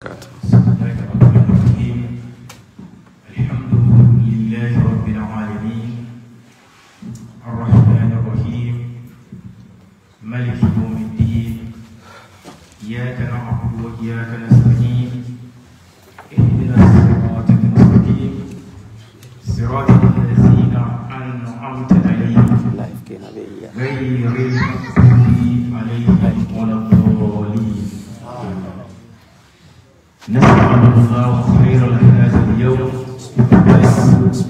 الحمد لله الرحمن الرحيم ملك يوم الدين إياك نعبد وإياك نستعين Allah, Creator of the and the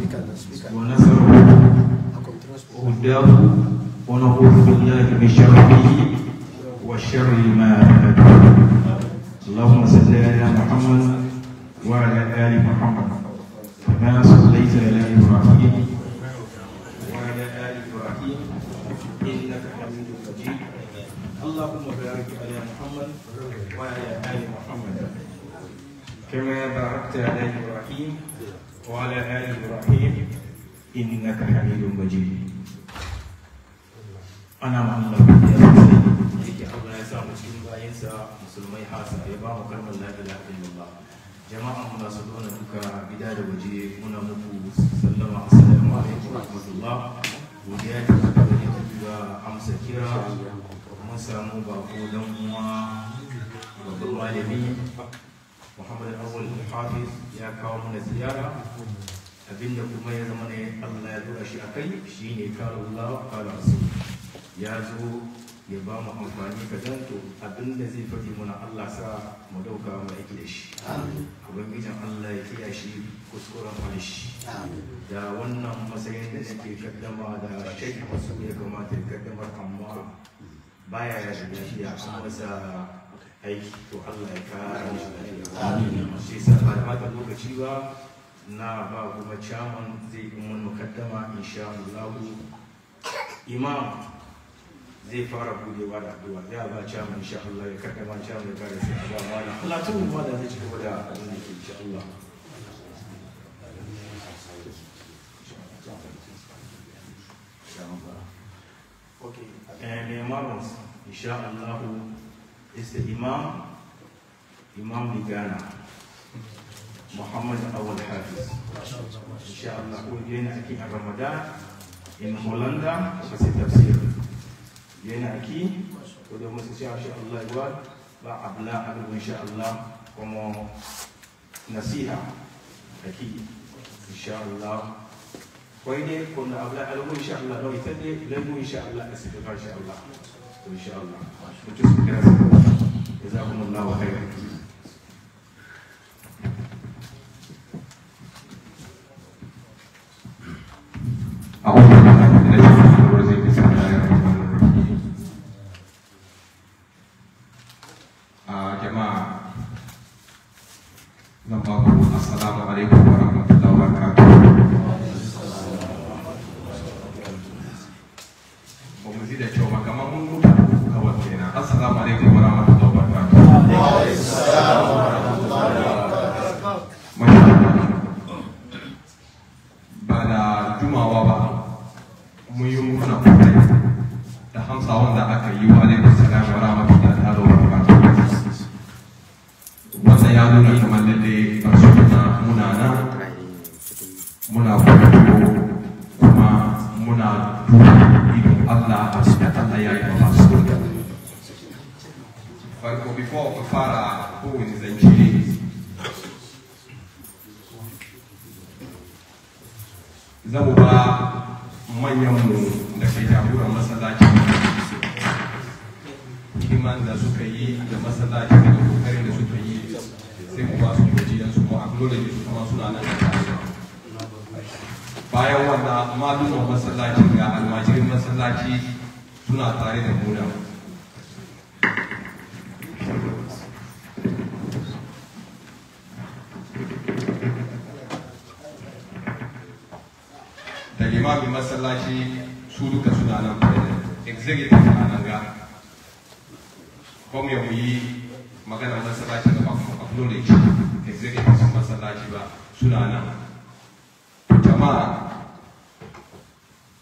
innaka hamidun majid ana ma Allah ya sani yake Allah ya sa mu cikin bayansa musulmai hasa ya ba mu kalmar la ilaha illallah jama'a mu masu dona duka gida da waje muna muku sallama assalamu alaikum rahmatullah godiya ta da ta ga amsa kira mun samu bako dan uwa babban malami Muhammad Awal Hafiz ya kawo mana ziyara Abin da kuma ya zama ne Allah ya dora shi a kai shi ne kare Allah kare ya zo ya ba mu amfani ka danto da zai faɗi muna Allah sa mu dauka mu aiki da shi ubangijin Allah ya kiya shi kuskuren alishi da wannan matsayin da nake kaddama da shaikh masu ya kamata ya kaddamar amma baya ya shiga shi ya masa aiki to Allah ya kare shi da shi sa ba da lokaci ba na ba kuma chairman zai yi mun mukaddama insha Allah imam zai fara budewa da addu'a zai ba chairman insha Allah ya kaddama chairman ya kare sai ba ba na Allah tun ba da zai ci gaba da abin da ke insha Allah Okay. And the Insha Allah, is the imam, imam Nigana. محمد أول حافظ إن شاء الله كل جينا أكي رمضان إن هولندا بس تفسير جينا أكي وده مسجد إن شاء الله يقول لا أبناء أبو إن شاء الله كما نسيها أكي إن شاء الله كوين كنا أبناء أبو إن شاء الله لو يتدي لم إن شاء الله أسفق إن شاء الله إن شاء الله متشكرين جزاكم الله خيرا Oh.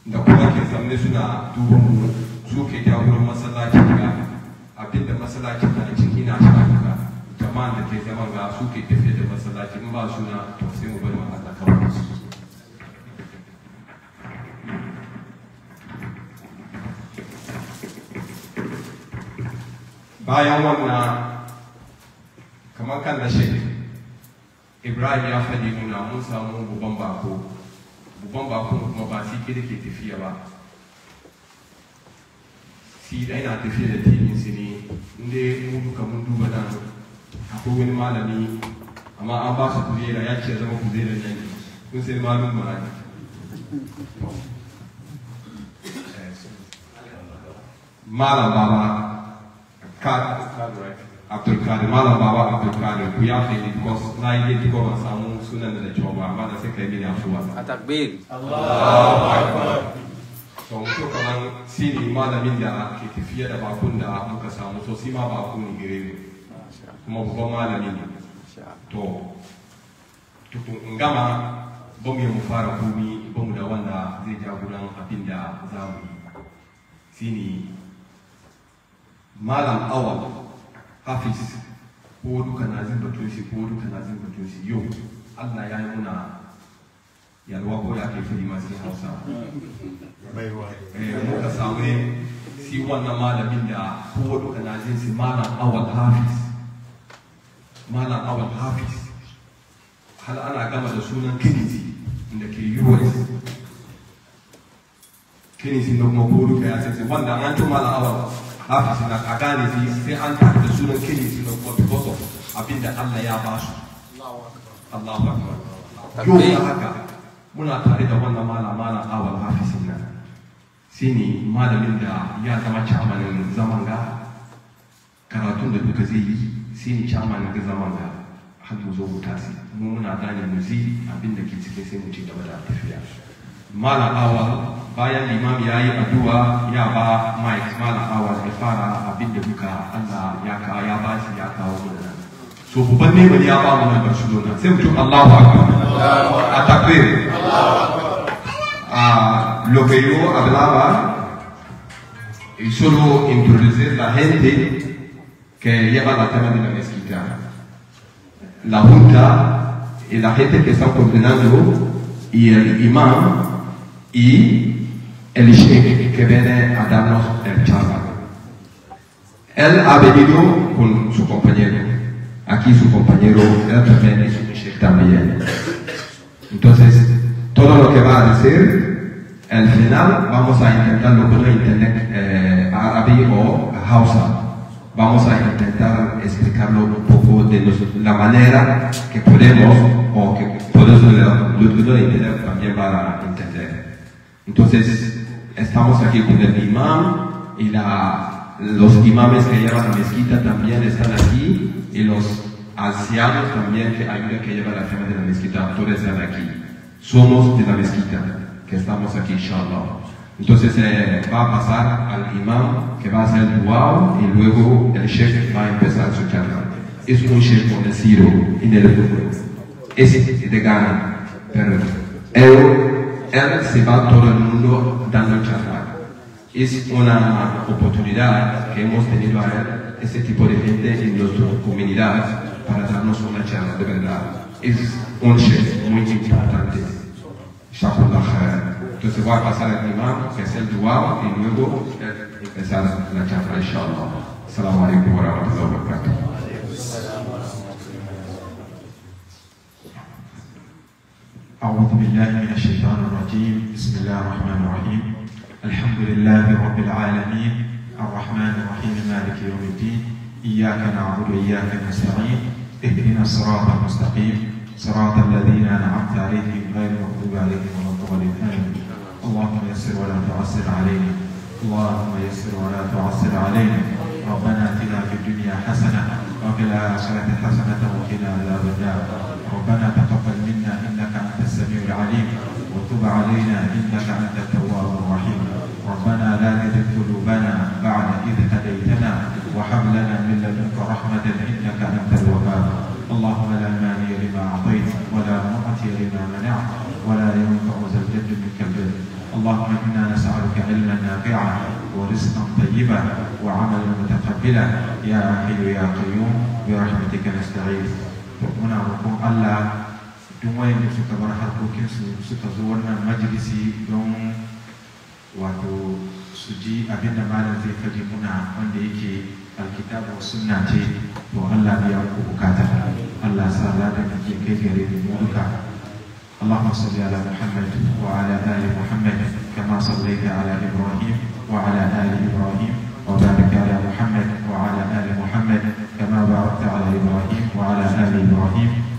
da kuma ke zamne suna duban mu su ke jagoran masallacin ga abinda masallacin na ciki na shafi ga jama'an da ke zaman ga su ke tafiya da masallacin ba suna to sai mu bari mu Allah kawai su bayan wannan kamar kan da shi ibrahim ya faɗi nuna mun samu babban bako babban bakon kuma ba shi ke ke tafiya ba shi da yana tafiya da timin su ne inda mu duka mun duba nan akwai wani malami amma an ba su kujera ya ce zama kujera ne kun sai malum ma ne malam baba ka ka abdul Karim malam baba abdul Karim kuya ni kos na yi yadda samu sunan da coba cewa ba amma da sai ka yi mini afuwa akbar to mutum kaman sini malamin da ke tafiya da bakun da muka samu so si ma bakun gire ne kuma babban malami ne to tukun in gama ba bumi bumi mu fara komi ba mu da wanda sini malam awal hafiz ko duka nazin batusi ko duka nazin batusi yau allah ya yi muna yalwa ko ya kai fili masu hausa eh, ka samu si wannan malamin da ko duka nazin si malam awal hafiz malam awal hafiz hal ana gama da sunan kinizi da ke us kinizi da kuma ko duka ya sai wanda an tun malam awal haka na a gane sai an tafi da sunan kiri sunan kuma because of abinda Allah ya ba su Allahu akbar yau da haka muna tare da wannan malama na awal hafisin nan shine malamin da ya zama chamanin zaman ga karatun da duka zai yi shine chamanin ga zaman ga har mu zo mu tasi mu muna gane mu zi abinda ke cikin sai mu ci gaba da tafiya malam awal bayan imam ya yi addu'a ya ba mike malam awal ya fara abin da muka allah ya ka ya ba shi ya kawo mu nan so babban ne bane ya ba mu nan barcelona sai mutum allahu akbar a takbir a lo que yo hablaba y solo introducir la gente que lleva la tema de la mezquita la junta y la gente que está coordinando y el imam y el sheikh que viene a darnos el charla. Él ha venido con su compañero, aquí su compañero, él también es un sheikh también. Entonces, todo lo que va a decir, al final vamos a intentarlo con internet eh, árabe o hausa. Vamos a intentar explicarlo un poco de la manera que podemos o que podemos lo, que lo, también para entender. Entonces, estamos aquí con el imam y la, los imames que llevan la mezquita también están aquí y los ancianos también que ayudan que lleva la fama de la mezquita, todos están aquí. Somos de la mezquita que estamos aquí, inshallah. Entonces eh, va a pasar al imam que va a hacer el wow y luego el chef va a empezar su charla. Es un sheikh conocido en el mundo. Es de gana. pero él él se va a todo el mundo dando charla. Es una oportunidad que hemos tenido a él, ese tipo de gente en nuestra comunidad, para darnos una charla de verdad. Es un chef muy importante. Entonces voy a pasar el imán, que es el dual, y luego empezar la charla, inshallah. Salam alaikum wa rahmatullahi wa barakatuh. أعوذ بالله من الشيطان الرجيم بسم الله الرحمن الرحيم الحمد لله رب العالمين الرحمن الرحيم مالك يوم الدين إياك نعبد وإياك نستعين اهدنا الصراط المستقيم صراط الذين أنعمت عليهم غير المغضوب عليهم ولا الضالين آمين اللهم يسر ولا تعسر علينا اللهم يسر ولا تعسر علينا ربنا اتنا في الدنيا حسنة وفي الآخرة حسنة وقنا عذاب النار ربنا تقبل علينا إنك أنت التواب الرحيم ربنا لا تزغ قلوبنا بعد إذ هديتنا وهب لنا من لدنك رحمة إنك أنت الوهاب اللهم لا مانع لما أعطيت ولا معطي لما منعت ولا ينفع ذا الجد منك البر اللهم إنا نسألك علما نافعا ورزقا طيبا وعملا متقبلا يا حي يا قيوم برحمتك نستعين. Muna roƙon Allah duk wayan da suka bar harkokinsu suka zo wannan majalisi don wato su ji abin da malam zai faɗi muna wanda yake alkitabu suna ce to Allah ne ya ku bukata Allah sa ladan da ke kai gare da mu duka Allahumma salli ala Muhammad wa ala ali Muhammad kama sallaita ala Ibrahim wa ala ali Ibrahim wa barik ala Muhammad wa ala ali Muhammad kama barakta ala Ibrahim wa ala ali Ibrahim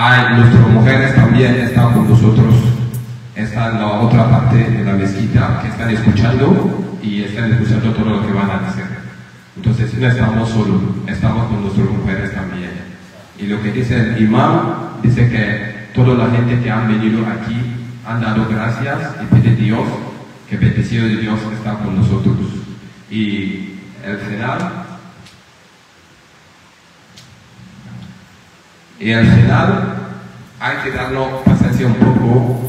Hay, ah, nuestras mujeres también están con nosotros, están en la otra parte de la mezquita, que están escuchando y están escuchando todo lo que van a hacer. Entonces no estamos solos, estamos con nuestras mujeres también. Y lo que dice el imán, dice que toda la gente que han venido aquí han dado gracias y pide Dios, que bendecido de Dios está con nosotros. Y el final Y al final hay que darnos paciencia un poco.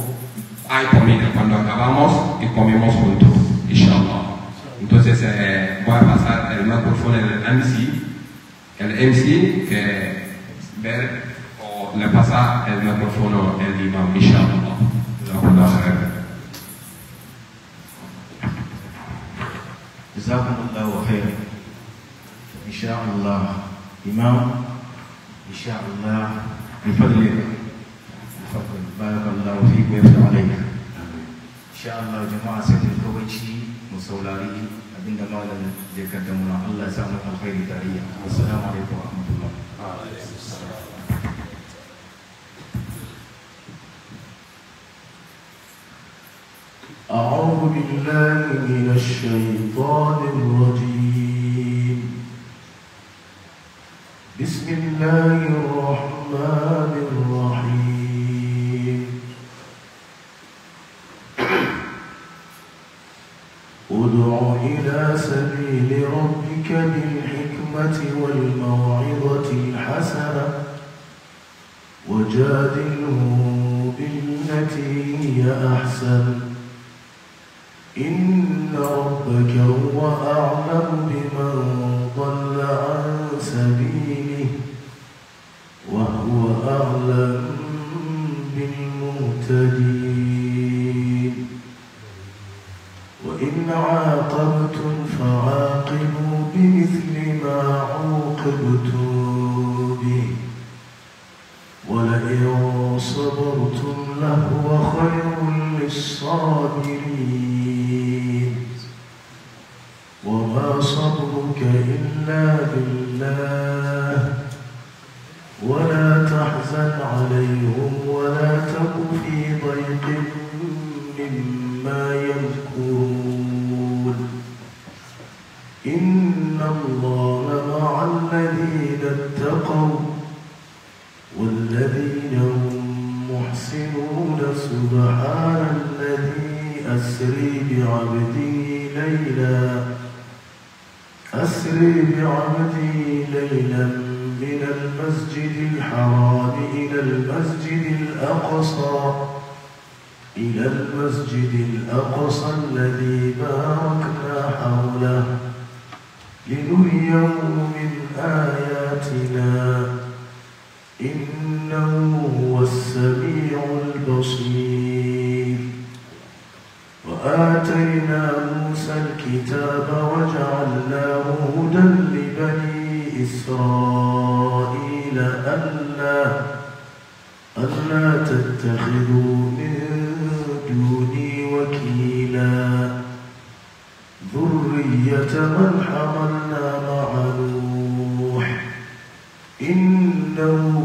Hay comida cuando acabamos y comemos juntos, inshallah. Entonces eh, voy a pasar el micrófono al MC. El MC que ver o le pasa el micrófono al imam, inshallah. جزاكم الله خيرا شاء ان شاء الله بفضل بفضل بارك الله فيك ويفتح عليك ان شاء الله جماعه سيدي الكويتشي مسولاري ابن دمار الذي الله يسامح الخير تعالي والسلام عليكم ورحمه الله وعليكم السلام أعوذ بالله من الشيطان الرجيم الذرية من حملنا مع نوح إنه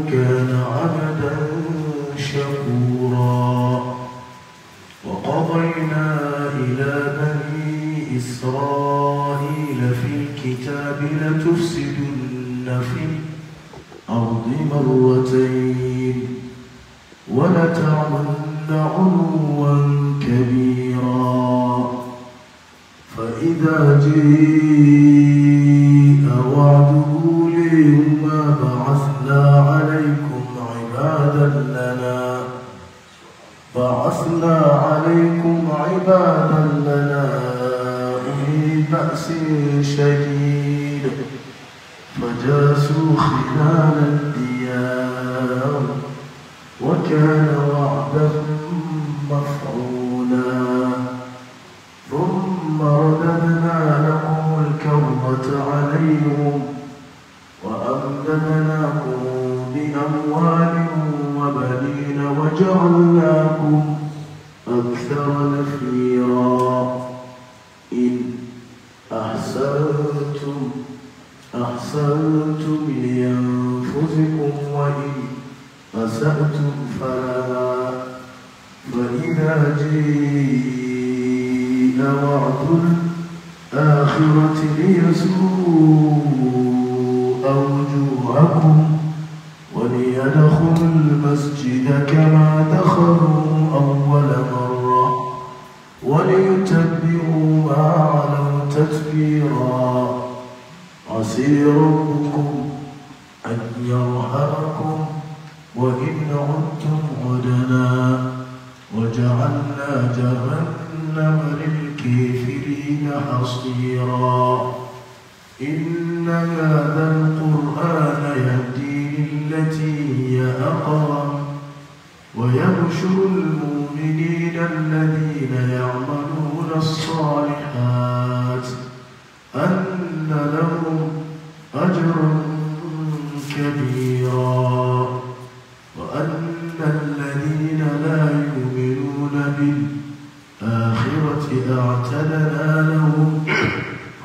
الآخرة إذا اعتدنا لهم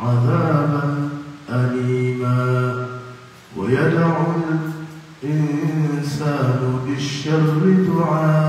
عذابا أليما ويدعو الإنسان بالشر دعاء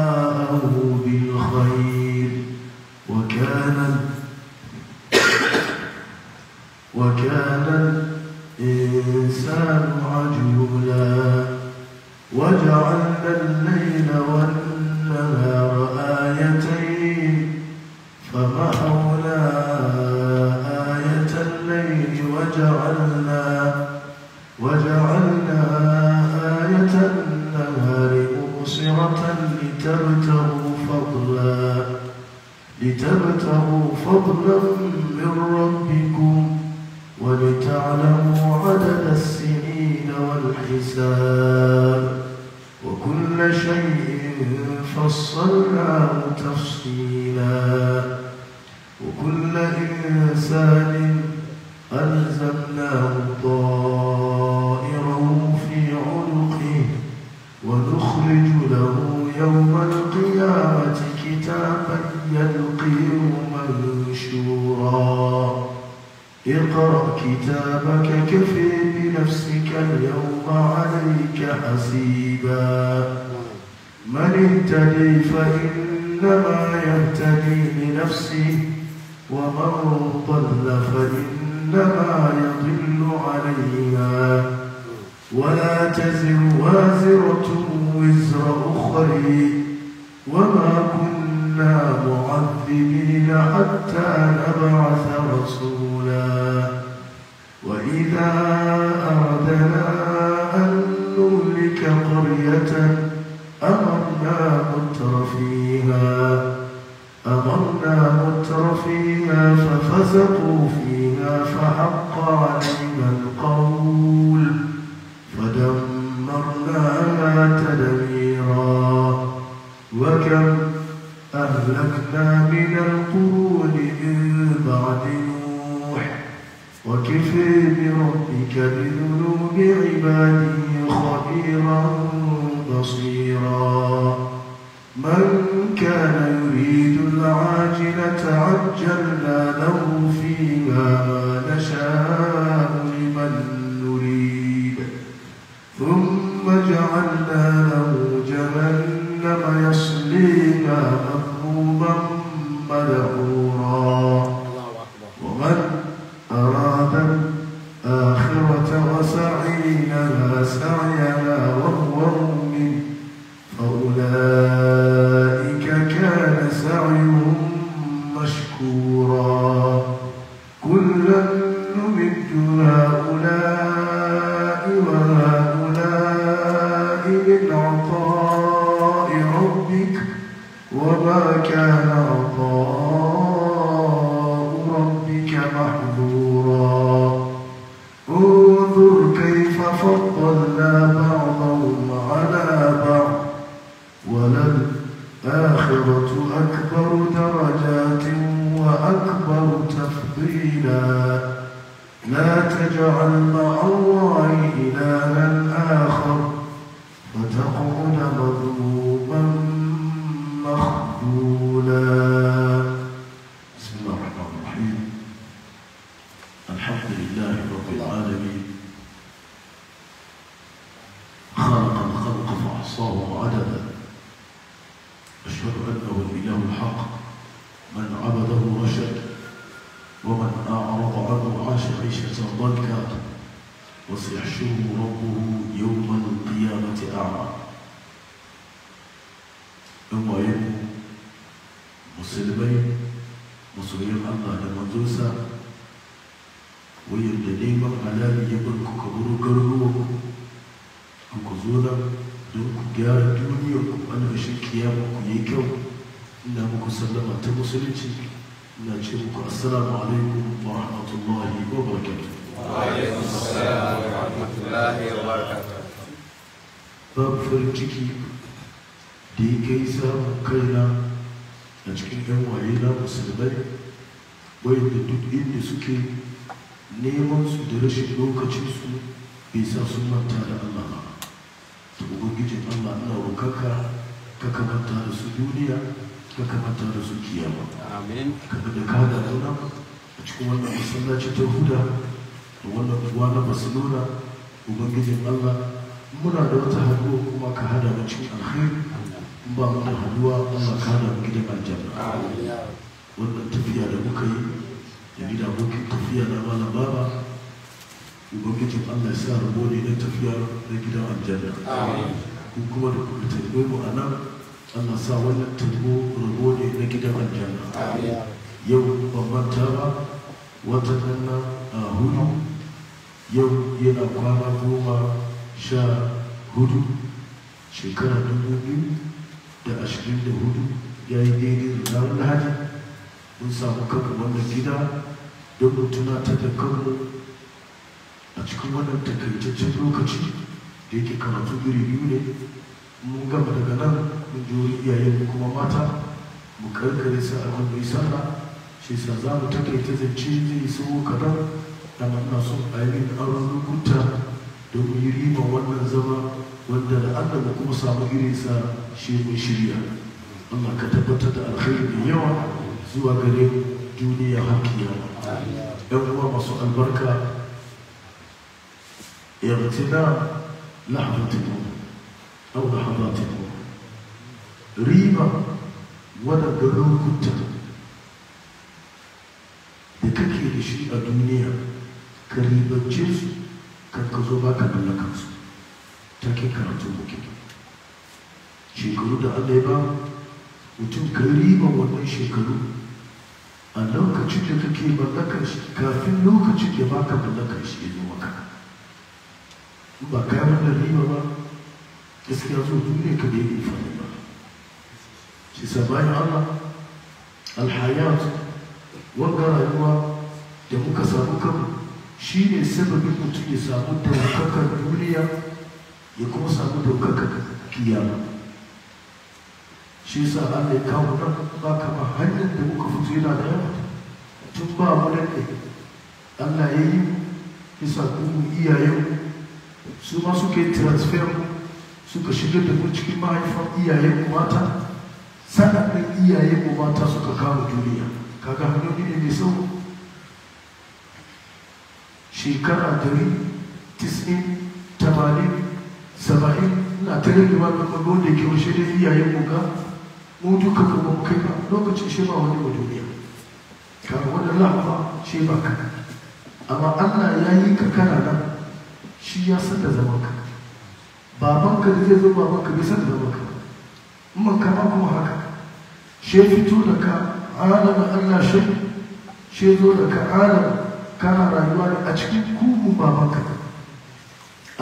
بصيرا من كان يريد العاجلة عجلنا له فيها ما نشاء Isa sun manta da Allah ba to ubangijin Allah ina rokarka ka kamanta da su duniya ka kamanta da su kiyama amin kaga da ka da zauna a cikin wannan masallaci ta huda da wannan uwa na barcelona ubangijin Allah muna da wata haduwa kuma ka hada mu cikin alheri in ba mu da haduwa Allah ka hada mu gidan aljanna wannan tafiya da muka yi da ni da abokin tafiya na malam baba ubangijin allah sa rabo ne na tafiya na gidan aljanna ku kuma da kuka tarbe mu a nan allah sa wannan tarbo rabo ne na gidan aljanna yau ban manta wata nan a hudu yau yana kwana goma sha hudu shekara dubu biyu da ashirin da hudu ya yi daidai da ranar lahadi mun samu kanmu wannan gida don mu ta da kanmu a cikin wannan takaitaccen lokaci da yake karatu iri biyu ne mun gama daga nan mun ji wurin iyayen kuma mata mu karkare su a kan mai sarra shi sa za mu takaita zance zai so kadan da na son a yi aron da mu yi riba wannan zama wanda da an daga kuma samu irin sa shi mun shirya Allah ka tabbatar da alkhairi mai yawa zuwa gare duniya har yan uwa masu albarka اغتنام لحظتكم أو لحظاتكم riba wadda lokuta da kake da a duniya ka ribance kan ka baka mallakar ta ke karatu muke shekaru da allah ya mutum ka riba wannan shekaru a lokacin da kake shi kafin lokacin da baka mallakar shi ya ba ka wannan riba ba gaskiya so duniya ka bai nufa ba shi sabanin allah alhayat wanga rayuwa da muka samu kanmu shi ne sababin mutum ya samu daukakar duniya ya kuma samu daukakar kiyama shi sa allah ya kawo nan ba kama hanyar da muka fito yana da yawa tun ba mu nan ne allah ya yi isa kuma iyayenmu su ma suka yi transfer suka shiga da mu cikin mahaifar iyayen mu mata sannan ɗin iyayen mu mata suka kama duniya kaga hanyoyi ne mai sau shekara dari tis'in tamanin saba'in na tare da wani kwallo da ke washe da iyayen mu ga mu duka kuma kai ba lokacin shi ba wani wa duniya ka wani lafa shi ba kana amma allah ya yi kakana. nan shi ya san da zaman ka baban ka da zai zo baban ka bai san da zaman ka man kama kuma haka she fito da ka alamin Allah shi she zo da ka alamin kana rayuwa ne a cikin kubun baban ka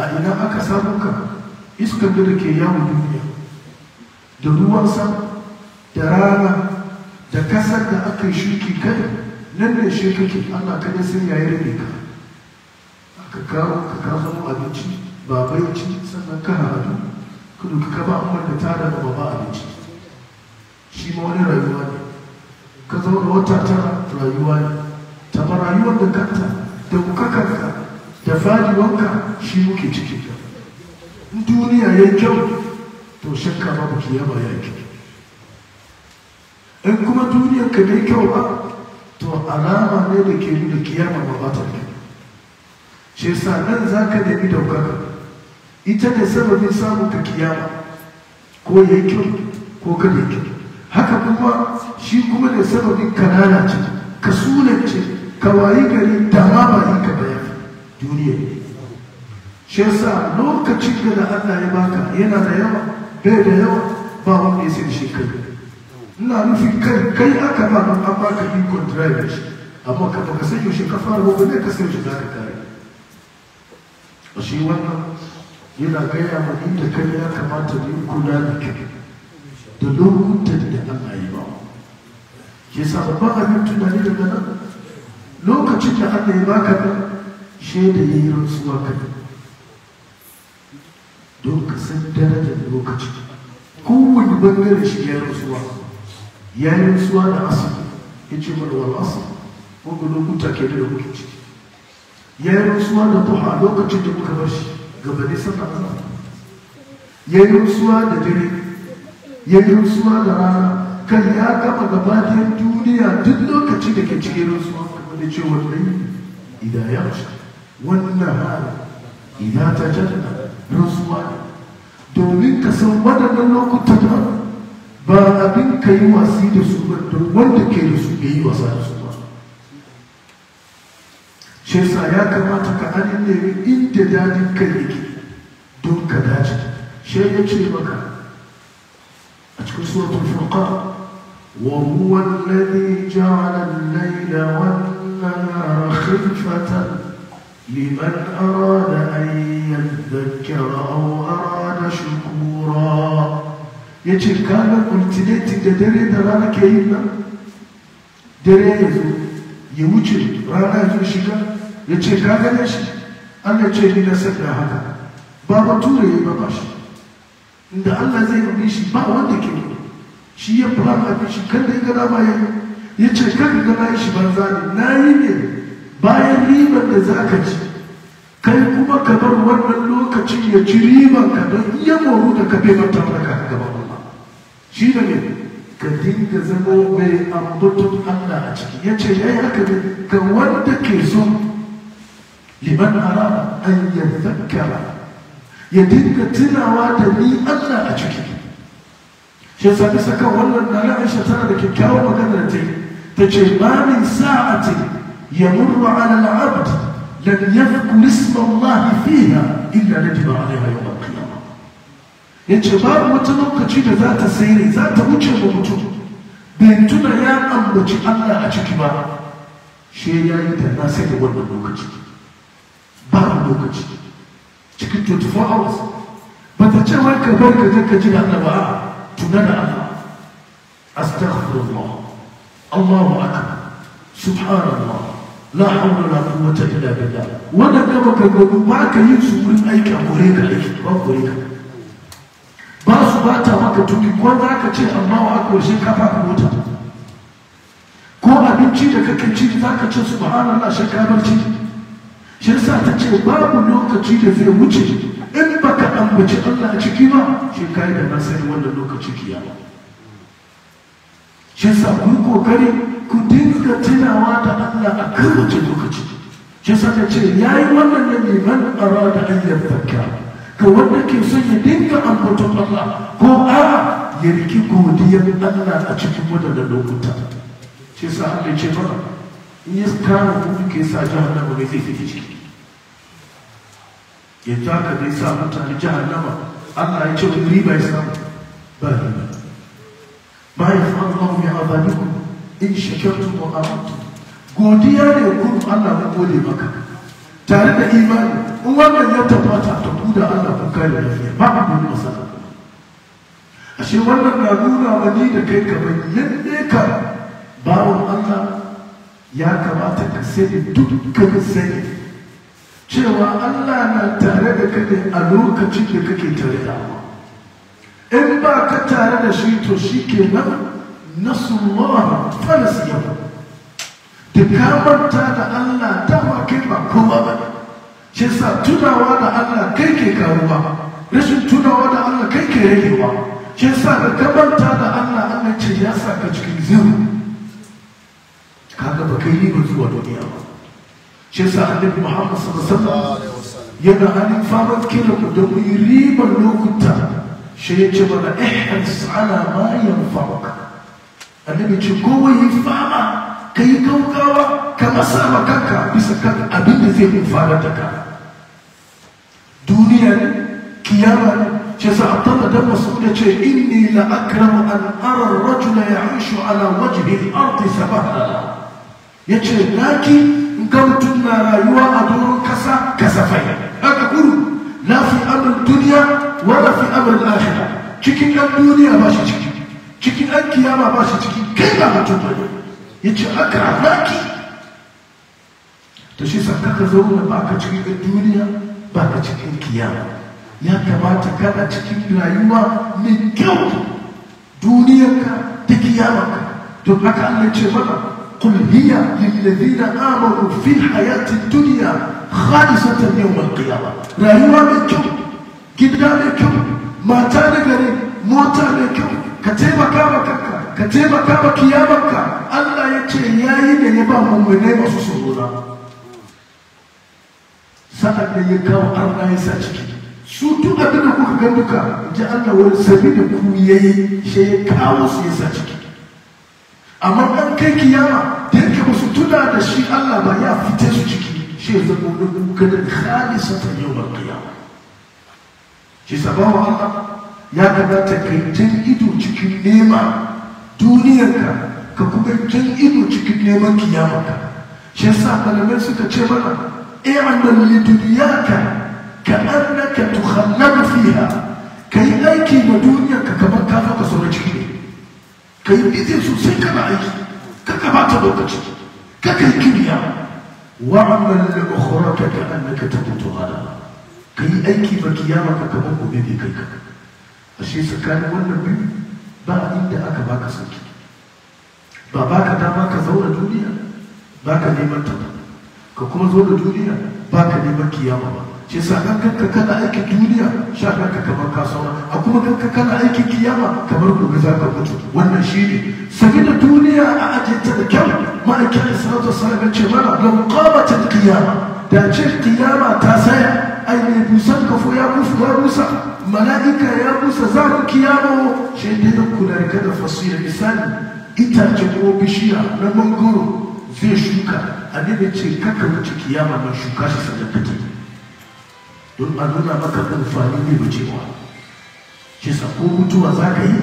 a ina aka samu ka Iska da ke yawon duniya da ruwan sama da rana da kasar da aka yi shuki kai nan ne shi kake Allah kada sai yayi rabe ka ka kawo ka abinci, abinci ci sannan ka haɗu ka duka ka ba umar da tara da ba abinci shi ma wani rayuwa ne ka da wata ta rayuwa ne ta ba rayuwar da kanta da kukakanka da fadiwanka shi muke ciki in duniya ya kyau to shakka muke yaba ya kyau in kuma duniyar ka bai kyau ba to alama ne da ke nuna kiyama ba ba ta kyau shi yasa nan za ka nemi daukaka ita ne sababin samun ka kiyama ko ya yi kyau ko ka da kyau haka kuma shi kuma ne sababin ka lalace ka sunance ka wayi gari da ma ba yi ka bayan duniya shi yasa lokacin da na Allah ya baka yana da yawa bai da yawa ba wanda ya sai shekaru ina nufin kai kai aka ba an baka ikon drive shi amma ka baka sai yaushe ka fara ba ne ka sai yaushe za ka kare shi wannan yana gaya ma inda kai ya kamata da yi kula da kai da lokutan da nan ayi yi ba ke sa babban abin tunani daga nan lokacin da Allah ya baka nan da ya yi rantsuwa ka don ka san da lokacin kowane bangare shi ya rantsuwa ya yi rantsuwa da asali ya ce mana wal asali wanda lokuta ke da lokaci ya yi rusuwa da a lokacin da muka bar shi gabanin sallar azhar ya yi rusuwa da dare ya yi rusuwa da rana kan ya gama gabatar duniya duk lokacin da ke cikin rusuwa kuma da cewa yi idan ya wuce wannan hali idan ta jadda ne domin ka san waɗannan lokuta ba abin ka yi wasi da su ba wanda ke da su ke yi wasa da su shesa ya kamata ka an nemi inda dadin kai yake don ka dace she ya ce maka a cikin suratul furqan وهو الذي جعل الليل والنهار خلفة لمن أراد أن يذكر أو أراد شكورا يجي كان قلتليت دري درانا كينا دري يزو يوجد رانا يزو شكا ya ce ka gane shi Allah ce ni na sanda da haka ba Tura ya ba ba shi inda Allah zai kabi shi ba wanda ke gudu shi ya fara kabi shi kan da ya gada ba ya ya ce kan ka gana shi za ne na yi ne bayan ribar da za ka ci kai kuma ka bar wannan lokacin ya ci ribar ka don iya moru da ka bai mata raka a gaba Allah shi da ne ka dinga zama mai ambaton Allah a ciki ya ce ya yi haka ne ga wanda ke so liman arada an yadhakkara ya dinga tunawa da ni Allah a ciki shi sa bisa wannan na Aisha tana da kyakkyawar magana ta ta ce ma min sa'ati yamurru ala al-abd lam yadhkur isma Allah fiha illa najiba alaiha yawm al-qiyamah yace babu wata lokaci da za ta sayre za ta wuce ga mutum bai tuna ya ambaci Allah a ciki ba shi ya yi ta na sai da wannan lokaci ba lokaci cikin 24 hours ba ta ce wai ka bari ka je ka ji da Allah ba tuna da Allah astaghfirullah Allahu akbar subhanallah la hawla wala quwwata illa billah wannan da baka gobe ba ka yi su mun aika gore ka aiki ba gore ka ba su ba ta maka tuki ko za ka ce amma wa ka shi ka fa ka mota ko abinci da kake ci za ka ce subhanallah shi ka bar ciki shi yasa ta ce babu lokaci da zai wuce in baka ambaci Allah ciki ba shi kai da nasari wanda lokaci yawa shi yasa ku kokari ku dinga tunawa da Allah a kan wace lokaci shi yasa ta ce yayi wannan ne liman da an fakka ka wanda ke son ya dinga ambaton Allah ko a ya riki godiyar Allah a cikin wadannan lokuta shi yasa Allah ce ba. in ya tara kuɗi ka sa jahannama bai zai fi ciki yanzu haka da ya sa mutane jahannama Allah ya ce wani riba ya samu ba riba Ba ya fi an kawo mai azabiku in shakartu ko amintu godiya ne kun Allah na gode maka tare da imani in wannan ya tabbata ta buda Allah kun kare lafiya ba a wani masala ashe wannan na nuna wani da kai kamar yadda ka bawon Allah ya kamata ka sani duk ka sani cewa Allah na tare da ka ne a lokacin da kake tare da in ba ka tare da shi to shi ke nan nasullah falasiya da ka manta da Allah dama kai ba kowa ba shi yasa tunawa da Allah kai ke karuwa rashin tunawa da Allah kai ke ragewa shi sa da ka manta da Allah Allah ce ya sa ka cikin zero kaga ba kai riba zuwa duniya ba shi yasa annabi muhammad sallallahu alaihi wasallam yana halin faman kira mu da mu yi riban lokuta shi ya ce mana ihris ala ma yanfa'uka annabi ce kowa yi fama ka yi gaugawa ka masa ma kanka bisa kan abin da zai amfana da ka duniya ne kiyama ne shi sa abdalla dan masu da ce inni la akramu an ara rajula ya'ishu ala wajhi al-ardi sabaha ya ce naki in ga mutum na rayuwa a doron kasa kasafai haka kuru na fi amin duniya wanda fi amin lahira cikin ɗan duniya ba shi ciki cikin ɗan kiyama ba shi ciki kai ba mutum ba ya ce haka naki to shi sa ka zauna ba ka cikin ɗan duniya ba ka cikin kiyama ya kamata kana cikin rayuwa mai kyau duniyarka ta kiyamarka to haka Allah ce mana قل هي للذين آمنوا في الحياة الدنيا خالصة يوم القيامة rayuwa mai kyau gida mai kyau mata na gari mota mai kyau ka taimaka wa kanka ka taimaka wa kiyamarka Allah ya ce ya yi da ya ba mummunai masu tsorona sa'an da ya kawo ya ciki su duk abin kuka ji Allah wani ku yayi shi su ya ciki amma an kai kiyama da yake ba su tuna da shi Allah ba ya fita su ciki shi ya zama wani ganin halisa ta yau ba kiyama shi sabawa Allah ya kamata ka yi jan ido cikin nema duniyarka ka kuma jan ido cikin neman kiyamarka shi sa malamai suka ce mana e annal liduniyaka ka annaka tukhallabu fiha yi aiki ma duniyarka kamar ka sauran ciki ne ka yi bizi sosai kana aiki ka bata lokaci kaka yi kimiyya wa'amal da ukhra ta ka annaka tamutu hada ka yi aiki ba kiyama ka kamar gobe bai kai ka ashe tsakanin wannan biyu ba inda aka baka sauki ba baka dama ka zaura duniya ba ka neman ta ka kuma zo da duniya ba ka neman kiyama ba shi sa kan kanka kana aikin duniya sha kanka kamar kasuwa a kuma kanka kana aikin kiyama kamar gobe za ka mutu wannan shi ne sabi da duniya a ajiyarta da kyau ma'aikin isra'atu sa'a ce mana don qamatil kiyama da ce kiyama ta saya ai mai busan kafo ya kusa ya rusa mala'ika ya za ku kiyama shi ne da kula da ya misali itace ko bishiya na mangoro zai shuka a da ce kaka wuce kiyama ban shuka shi da ke don a nuna maka amfani ne wucewa shi sa ko mutuwa za ka yi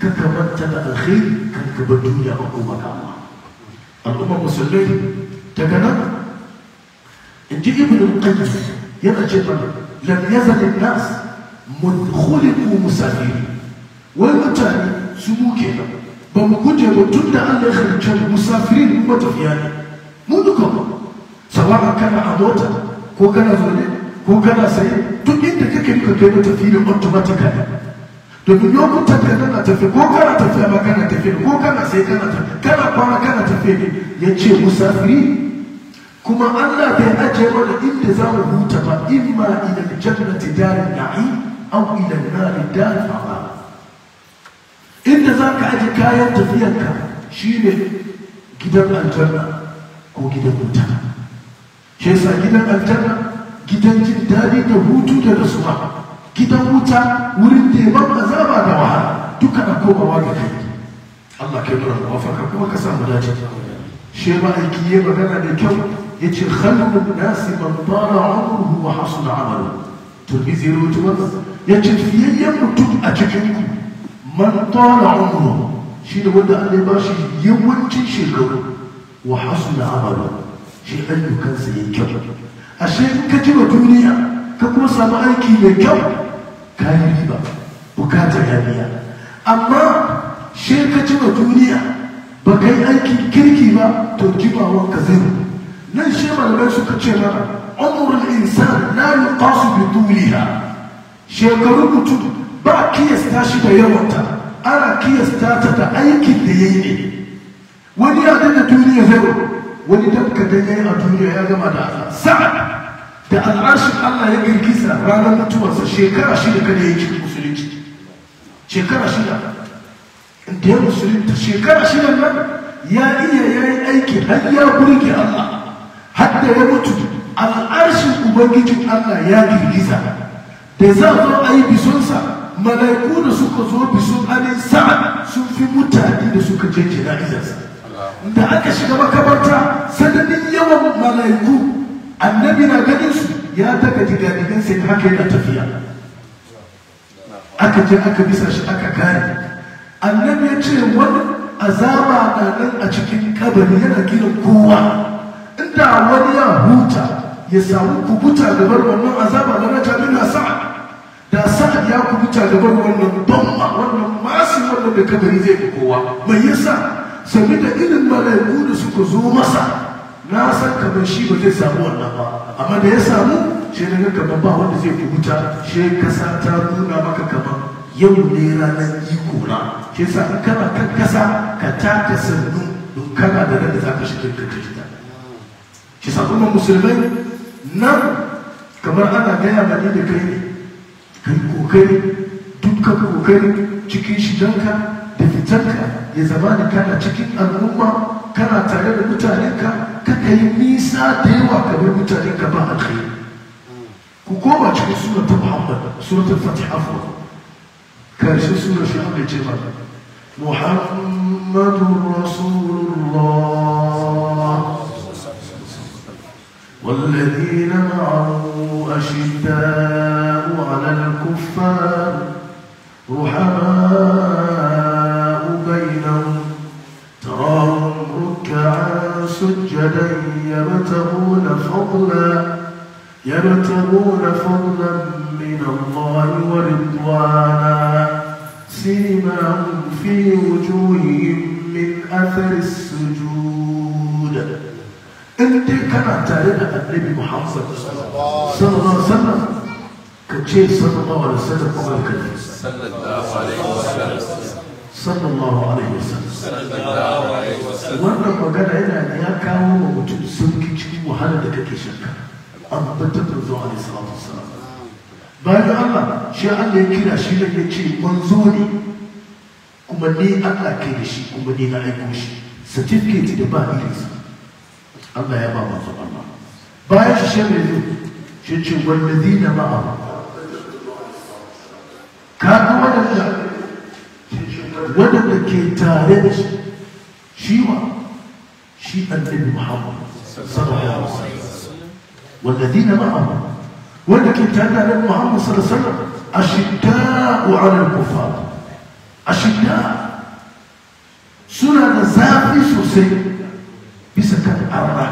kan ka manta da alkhairi kan ka bar duniya ba ko makama al'umma musulmai daga nan in ji ibn qayyim yana ce mana lam yazal an-nas munkhaliqu musafiri wai mutane su mu kenan ba mu guje ba tun da Allah ya halicce musafirin mu matafiya ne mu duka ba sawa kana a mota ko kana ne. ko gana sai duk inda kake ka kai mata filin automatically Duk lokutan da kana tafi ko kana tafiya ba kana tafi ko kana sai kana tafi kana kwana kana tafi ne ya ce musafiri kuma Allah bai ajiye mana inda za mu huta ba imma ila jannati darin na'i aw ila nari darin fa'a inda za ka aji kayan tafiyarka shine gidan aljanna ko gidan wuta shi yasa gidan aljanna gidan jin daɗi da hutu da nasuwa gidan wuta wurin ba azaba da wahala duka da komawa ga kai Allah kai mura mafaka kuma ka samu dace shi aiki ya magana da kyau ya ce khalqun nasi man tara umruhu wa hasuna amalu zero to ya ce fiyayya mutum a cikin ku man tara umruhu shi ne wanda Allah ya ba shi yawancin shekaru wa hasuna amalu shi ayyukansa ya kyau ashe ka ji duniya ka kuma samu aiki mai kyau ka yi riba bukatar yamiya amma she ka duniya ba ka yi aikin kirki ba to jibawan ka zai nan she malamai suka ce mana umrul insan yi yuqasu bi duniya shekaru mutum ba kiyasta shi da yawanta ana kiyasta ta da aikin da ya yi ne wani ya da duniya zai wani dabka da yayi a duniya ya gama da Allah sa'ad da al'arshin Allah ya girgiza ranar mutuwarsa shekara shida kada ya yi musulunci shekara shida da ya musulunta shekara shida nan ya iya ya yi aiki har ya burge Allah har da ya mutu al'arshin ubangijin Allah ya girgiza da za zo a yi bisonsa mala'iku da suka zo bisu anin sa'ad sun fi mutane da suka jejjera jana'izarsa da aka shiga makabarta sanadin yawan malaiku annabi na ganin su ya taka ji daɗin sai haka yana tafiya aka je aka bisa shi aka kare. annabi ya ce wani azaba na nan a cikin kabari yana gina kowa inda wani ya huta ya samu kubuta bar wannan azaba da na tabi na sa'a da sa ya kubuta bar wannan don wannan masu wannan da kabari zai fi kowa mai yasa sannu da irin mala'iku da suka zo masa na san kamar shi ba zai samu wannan ba amma da ya samu shi daga kamar ba wanda zai kubuta shi kasa ta nuna maka kamar yau ne ranar iko na shi sa in kana kan kasa ka taka sannu don kana da ran da za ka shiga ta ta shi sa kuma musulmai nan kamar ana gaya mani da kai ne kai kokari dukkan kokari cikin shidanka da ya zamani kana cikin al'umma kana tare da mutanenka kaka yi nisa da yawa ka bar mutanenka ba alkhairi ku koma cikin suratul muhammad suratul fatiha farko karshen surar shi aka ce ba muhammadur rasulullah والذين معه أشداء على الكفار رحماء سجدا يبتغون فضلا يبتغون فضلا من الله ورضوانا سيماهم في وجوههم من أثر السجود أنت كما تعلم النبي محمد صلى الله عليه وسلم كتشي صلى الله عليه وسلم صلى الله عليه وسلم sallallahu alaihi wasallam wannan magana yana ya kawo wa mutum sauki cikin wahala da kake shakka amma ban tabbata zuwa alaihi salatu wasallam bayan Allah shi Allah ya kira shi da ya ce manzo ne kuma ni Allah ke da shi kuma ni na aiko shi certificate da ba irinsa Allah ya ba manzo bayan ma'a ka waɗanda ke tare da shi shi wa shi annabi muhammad sallallahu alaihi wasallam walladina ma'ahu wanda ke tare da annabi muhammad sallallahu alaihi wasallam ashidda'u 'ala al-kuffar ashidda suna da zafi sosai bisa kan arna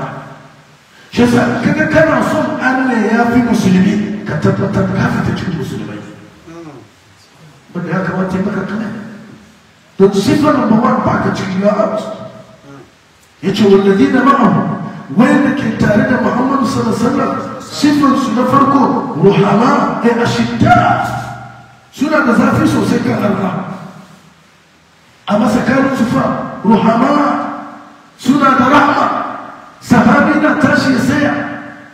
shi yasa kaga kana son Allah ya fi musulmi ka tabbatar ka fita cikin musulmai wanda ya kamata ya maka don siffar number ba ka cikin ya ya ce wallazi da ma'ahu wanda ke tare da muhammadu sallallahu siffar su na farko ruhama e da suna da zafi sosai kan allah a masakarin sufa ruhama suna da rahama sahabi na tashi ya saya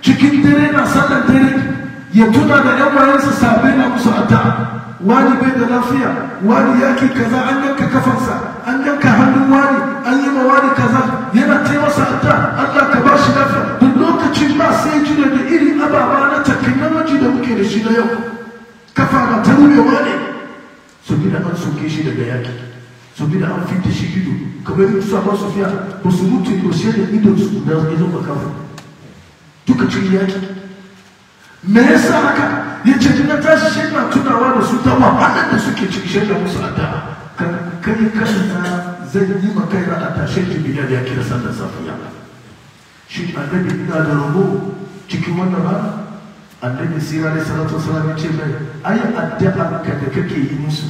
cikin dare na sallar dare ya tuna da yan wayansa sabai na musu addu'a wani bai da lafiya wani yaki kaza an yanka kafansa an yanka hannun wani an yi ma wani kaza yana taimasa addu'a Allah ka bashi lafiya duk lokacin ba sai jira da iri ababa na technology da muke da shi na yau kafa na ta rubewa ne su gida an soke shi daga yaki su gida an fita shi ido kamar yadda su ba su fiya ba su mutu shi da idon su na izo makafa duka cikin yaki me yasa haka ya ce na ta shi na tunawa da su ta wannan da suke ciki shi da musu addu'a kai na zai yi ma kai na tashe ki biyar ya kira sallar safiya shi annabi ina da rabo cikin wannan ba annabi sira da salatu wasalam ce mai ai addu'a ka da kake yi musu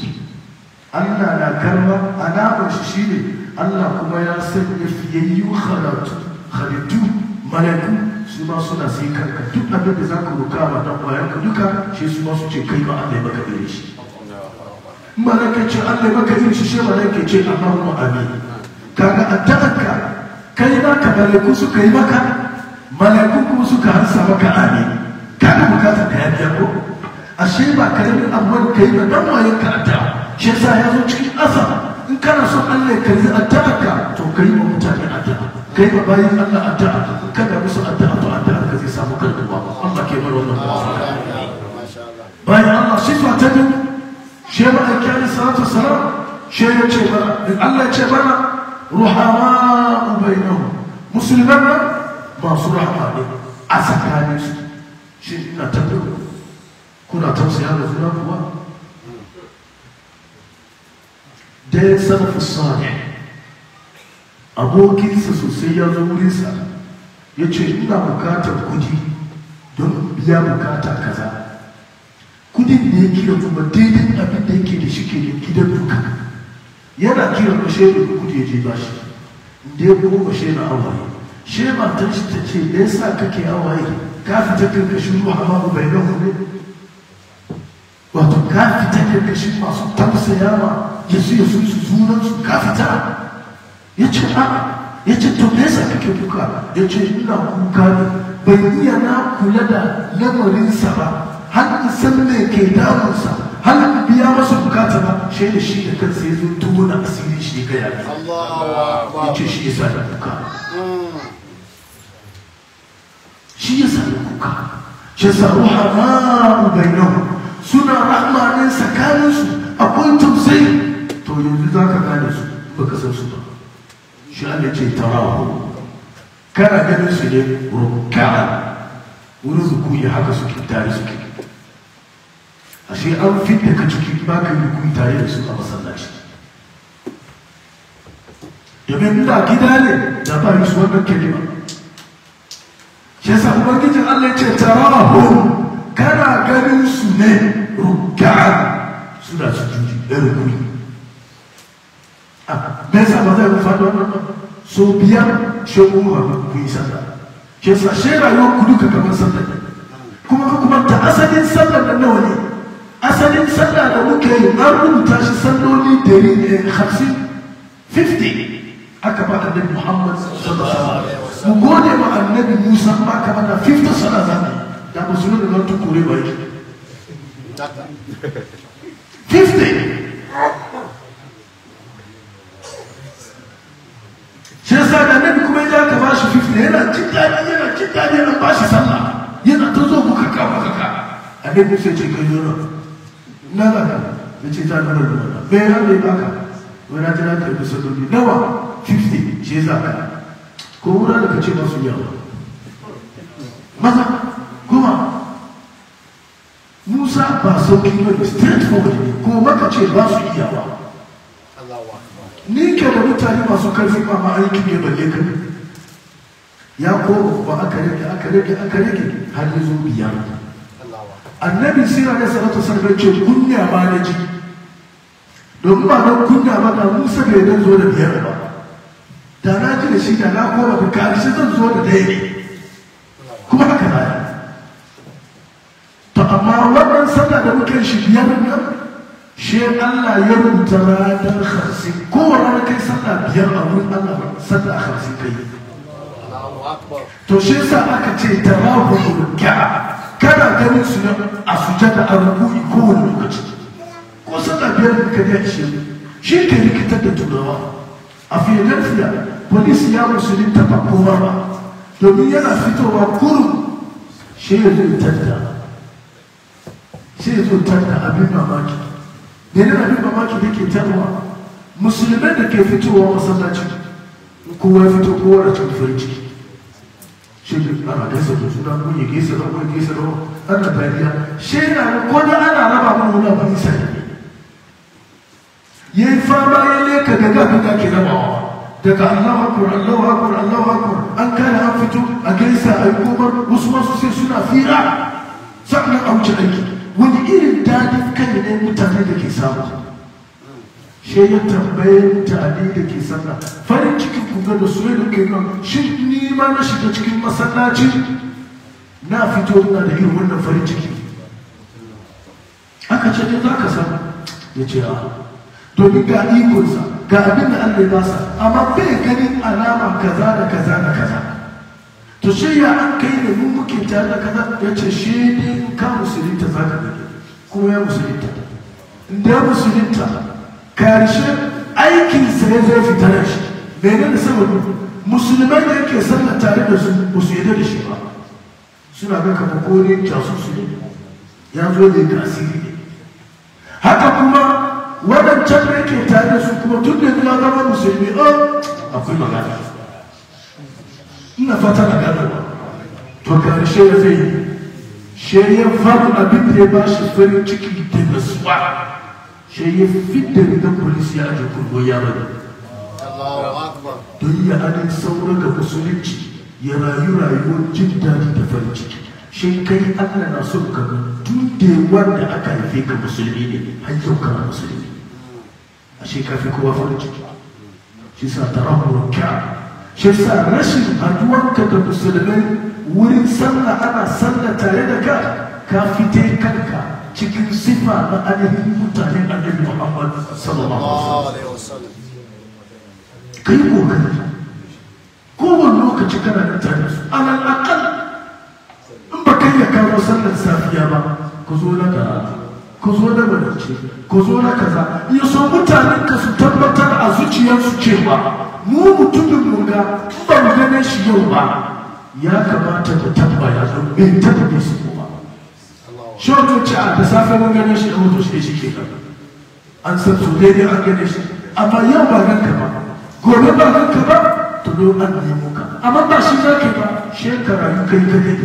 Allah na karma alamar shi shine Allah kuma ya sanya fiyayyu khalatu khalitu malaku su ma suna sai kanka duk abin da za ka roƙa ba dan uwan ka duka shi su ma su ce kai ba Allah ya maka irin shi malaka ce Allah ya maka irin shi shi malaka ce Allahumma amin kaga addu'arka kai na ka ku suka yi maka malaiku ku suka hansa maka amin kaga bukatar da ya biya ko ashe ba karamin amman kai ba dan wayan ka ta. shi yasa ya zo cikin asa in kana son Allah ya karbi addu'arka to kai mu mutane addu'a kai ba bayan Allah addu'a kada musu addu'a to addu'a ka zai samu karɓuwa Allah ke bar wannan muwafaka bayan Allah sifa ta biyu shi ba aiki alaihi salatu wassalam shi ya ce in Allah ya ce mana ruhama bainahu musulman ba masu rahama ne a tsakanin su shi ina tabbata kuna tausaya da juna kuwa dai sanfa salih abokinsa sosai ya zo wurinsa ya ce ina bukatar kudi don biya bukata kaza kudin da ya kira kuma daidai abin da yake da shi ke da gidan duka yana kira ka shaidu da kudi ya je ba shi da ya koma shaidu na awaye shi ta ce ta ce da yasa kake hawaye ka fita karkashin ruwa amma bai nan kudi wato ka fita karkashin masu yawa ya su ya su su zunan su ka fita ya ce ya ce to me yasa kake kuka ya ce ina kuka ne bai iya na kula da lamarinsa ba har in san me ke damunsa har in biya masa bukata ba shi da shi da kansa ya zo tona asirin shi ga Allah ya ce shi ya da kuka shi ya da kuka shi yasa ruhama bainahu suna rahmanin tsakaninsu akwai tausayi to yanzu za ka gane su ka san su ba shi Allah ce tarahu kana ganin su ne rukka'a wurin su rukuyi haka suke tare suke ashe an fitta ka ciki ba ka rukuyi tare da su a masallaci domin da gida ne da ba yi su wannan kalima shi yasa ubangijin Allah ya ce tarahu kana ganin su ne rukka'a suna su juji ɗan rukuyi dan sa ba zai rufa don so biyar shi umma ku yi sallah ke sa shi rayuwar ku duka kamar sallah kuma ka kuma ta asalin sallah da nawa ne asalin sallah da muke yi an rubuta shi salloli dari eh, hamsin 50 aka ba annabi muhammad sallallahu alaihi wasallam mu gode ma annabi musa ba ka bada 50 sallah za da musulmi da ta kore ba yi 50 sa da nan kuma ya ka ba shi yana cin yana cin yana ba shi sallah yana ta zo kuka ka kuka ka sai ce kai yoro na ba ya ce ta da wannan bai ran da baka wani ta ka ko wura da kace yawa maza kuma Musa ba ba ne ko maka ce ba su iyawa ni ke da mutane masu karfi ba ma aiki ne ne kai ya ko ba aka rage aka rage aka rage har ya zo biyar annabi sira da salatu sallam ce kunya ba na ji domin ba don kunya ba da musa bai dan zo da biyar ba da na ji da shi da na ba da shi zan zo da dai ne kuma haka na ta amma wannan sallah da muke shi biyar nan shi Allah ya rubuta ranar hamsin kowa rana kai sallah biyar a wurin Allah a hamsin kai to shi sa aka ce ta tarahumul ka'a kana ganin su ne a sujada a rubu'i kowane lokaci ko sallah biyar da kai ya ishe shi ke rikitar da tunawa. a Philadelphia polisi ya musulun ta ba kowa ba domin yana fitowa kurum shi ya zo tadda shi ya zo tadda abin mamaki Menene abin mamaki da ke tarwa musulman da ke fitowa masallaci kowa ya fito kowa da tamfar ciki shi ne ana gaisa da suna kunye gaisa da kunye gaisa da ana dariya shi na wani ana raba mana wani abin ne ya yi fama ya leka daga abin da ke rabawa daga Allah akwai Allah akwai Allah akwai an kare an fito a gaisa a yi komar wasu masu sai suna fira sannan a wuce aiki wani irin dadin kai ne mutane da ke samu shi ya tambaye mutane da ke sallah farin cikin kuma da soyayya da kai nan shi ni ma na shiga cikin masallaci na fito ina da irin wannan farin ciki aka ce ne za ka san ya ce a domin ga ikonsa ga abin da Allah nasa, amma bai ganin alama kaza da kaza da kaza to shi ya an kai ne mun muke tare da kaza ya ce shi ne ka musulunta za ka gani kuma ya musulunta inda ya musulunta karshe sa ya zai fita da shi mene da saboda musulmai da yake sanna tare da su ba su yadda da shi ba suna ga kama kone su ne ya zo da da asiri ne haka kuma waɗancan da yake tare da su kuma tun da ya zama musulmi oh, akwai magana ina fata da gano to karshe ya zai she ya faru abin da ya ba shi farin ciki da nasuwa she ya fidda rigar polisi ya ji kurgo ya bada don ya adin sauran da musulunci ya rayu rayuwar jin daɗi da farin ciki she kai allah na son ka duk wanda aka haife ka musulmi ne har yau kana musulmi a shekafi kowa farin ciki shi sa taron ka shi sa rashin haduwarka da musulmai wurin sallah ana sallah tare da ka ka fite kanka cikin sifa na ainihin mutanen annabi Muhammad sallallahu alaihi wasallam kai kokari kowane lokaci kana da tare alal aqal in ba kai ya kawo sallar safiya ba ku zo na da ku zo na marance ku zo na kaza ya so mutanen ka su tabbatar a zuciyarsu cewa mu mutumin mu ga ban gane shi yau ba ya kamata da tabbaya don bai tabbata su ko ba shoto ci a da safe mun gane shi a hoto shi shi ke nan an san su daidai an gane shi amma yau ba ganka ba gobe ba ganka ba to do an nemo ka amma ba shi za ka ba shekara kai kadai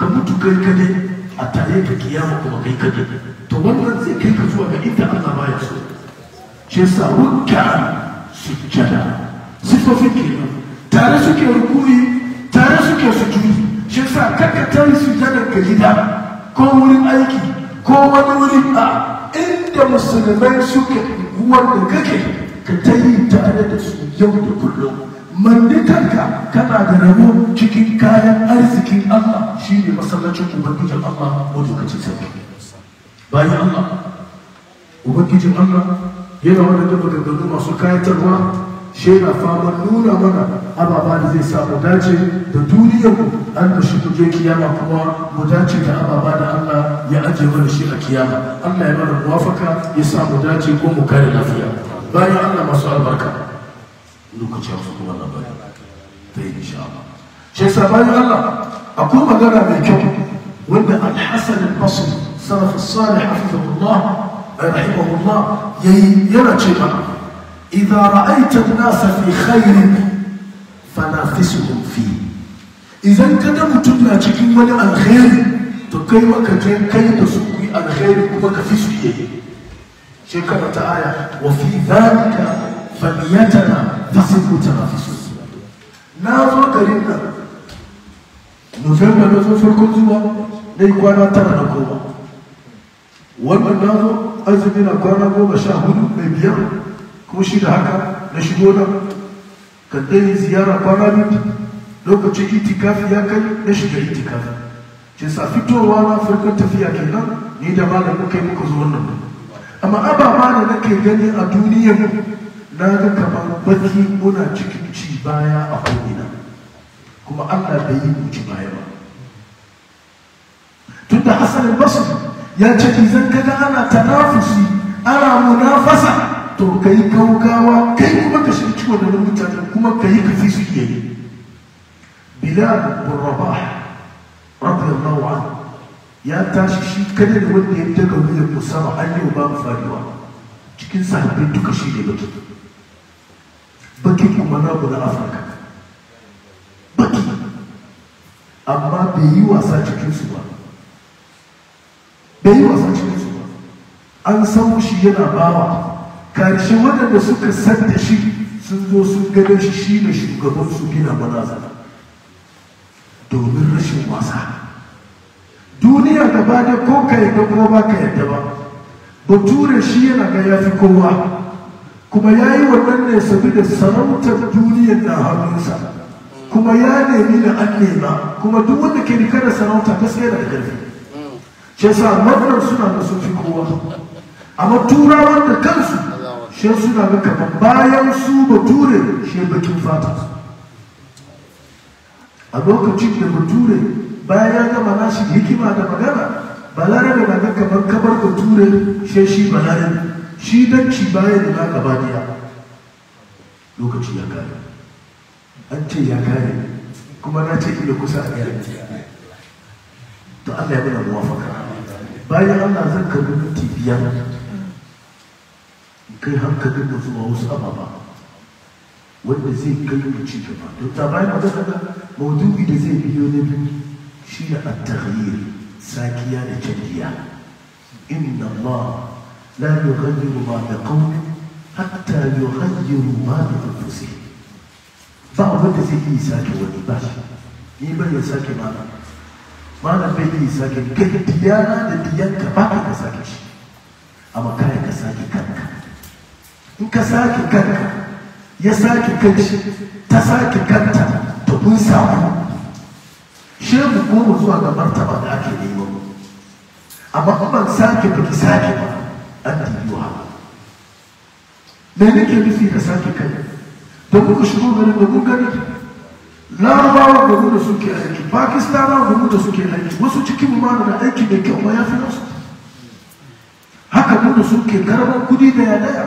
ka mutu kai kadai a tare ka kiyama kuma kai kadai to wannan zai kai ka zuwa ga inda Allah ba ya so shi yasa rukka sujjada sifofin kenan tare suke rukuni tare suke sujudi shi yasa kaka tare jada ga gida ko wurin aiki ko wani wurin a inda musulmai suke guwar da kake ka ta yi tare da su yau da kullum mandikanka kana da rabo cikin kayan arzikin Allah shi ne masallacin ubangijin Allah wani lokacin sarki bayan Allah ubangijin Allah yana wadanda maganganu masu kayatarwa shi yana fama nuna mana ababa da zai sa dace da duniyar mu an da shi kuje kiyama kuma mu dace da ababa da Allah ya aje mana shi a kiyama Allah ya mana muwafaka ya samu mu dace ko mu kare lafiya bayan Allah masu albarka lokaci wasu kuma na bayan ta yi insha Allah shi sa bayan Allah akwai magana mai kyau وإن الحسن البصري السلف الصالح حفظه الله رحمه الله يرجم إذا رأيت الناس في خير فنافسهم فيه إذا كدم تبنى تكون ولا الخير تكي وكتين كي تسوقي الخير وكفي سويه شكرا آية، تعالى وفي ذلك فليتنا تسيب تنافسون نازو قريبنا نوفمبر نوفمبر في na kwana tara na goma wannan na zo azumi na kwana goma sha hudu mai biyar ko shi da haka na shigo nan kan dai ziyara kwana biyu lokacin itikafi ya kai na shiga itikafi ce sa fitowa na farkon tafiya kenan ni da malam muka yi muka zo wannan amma ababa da nake gani a duniyar na ga kamar baki muna cikin ci baya a ko'ina kuma allah bai yi mu ci baya ba tun da hassan al-basri ya ce idan ka ga ana tanafusi ana munafasa to ka yi gaugawa kai kuma ka shirci da mutanen kuma ka yi kafi su iya yi bilal bin rabah radiyallahu an ya tashi shi kada da wanda ya daga wuyan musama an yi ba mu faruwa cikin sahabbai duka shi ne baki baki kuma na na afirka baki amma bai yi wasa cikinsu ba da yi cikin su an samu shi yana bawa karshe waɗanda suka san da shi sun zo sun gada shi shi ne shugaban su gina barazana domin rashin wasa duniya gaba da ko ka yadda ko ba ka yadda ba bature shi yana ga ya fi kowa kuma ya yi wannan ne da sarautar duniyar na hannunsa kuma ya nemi da an nema kuma duk wanda ke rika da sarauta gaskiya da ƙarfi shi yasa wannan suna da sun fi kowa amma turawan da kansu shi suna da kamar bayan su bature shi bakin fata a lokacin da bature bayan gama nashi hikima da magana balare na ga kamar kabar bature shi shi balarabe shi shi bayan da naka ba daya lokaci ya kare an ce ya kare kuma na ce ila kusa a yare to Allah ya bada muwafaka bayan Allah zan karbi minti biyar kai hankalin da zuwa wasu ababa wanda zai kai mu ci gaba don ta bayan magana da maudu'i da zai biyo na bi shi ne at-taghyir sakiya da canjiya inna Allah la yughayyiru ma bi qawmin hatta yughayyiru ma bi anfusihim ba wanda zai yi sake wani ba shi, ni ban ya sake ba. malam bai yi sake gaddiyana da diyanka ba ka ka sake shi amma kare ka sake kanka in ka sake kanka ya sake kanshi ta sake kanta ta kun samu mu goma zuwa ga martaba da ake nema amma in ban sake ba ki sake ba an ba. me nake nufi ka sake kai don muka shigo garin da kun gani larabawa ga da suke aiki pakistan ga gudu suke aiki wasu cikin ma da aiki da kyau ma ya fi nasu haka gudu suke karɓar kudi da ya daya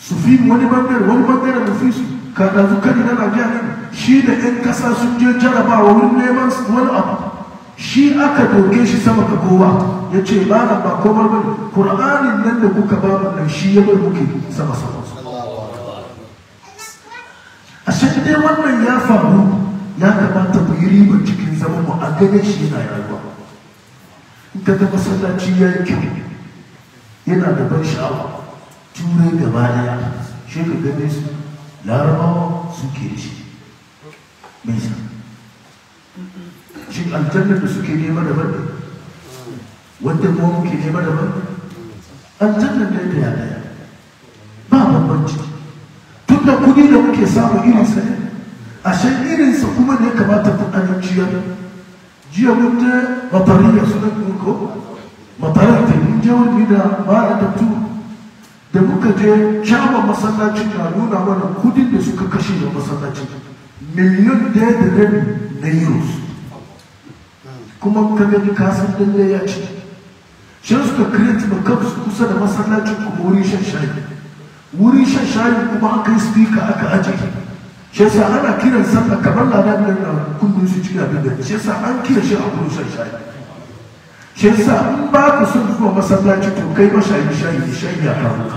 su fi wani bangare wani bangare mu fi su ka ɗazu kari na najeriya shi da 'yan kasa sun je jarabawa wurin neman wani abu shi aka doke shi sama ka kowa ya ce ba na ba komar bane ƙur'anin nan da kuka ba nan shi ya bar muke sama sama a dai wannan ya faru ya kamata mu yi riba cikin zaman mu a gane shi yana rayuwa in ka ga masallaci ya yi kyau yana da ban sha'awa turai gaba daya shi ka gane su larabawa suke shi mai sa shi aljannar da suke nema da banda wanda kuma muke nema da banda aljannar da ya daya ba bambanci duk da kuɗi da muke samu irinsa ne ashe irinsa kuma ne kamata ku ɗanin jiya jiya mun je matariya su nan ko matarar ta mun je wani da mara da tu da muka je kyawun masallacin na nuna mana kuɗin da suka kashe da masallacin miliyan ɗaya da rabi na euros kuma ka gani ka san lalle ya ce shi suka kireti ma kansu kusa da masallacin kuma wurin shan shayi wurin shan shayi kuma an kai spika aka aje shi yasa ana kiran sallah kamar ladan nan na kullun shi cikin abin da shi yasa an kira shi a wurin shan shayi shi yasa in ba ku son zuwa masallaci to kai mashayi shayi shayi ya kawo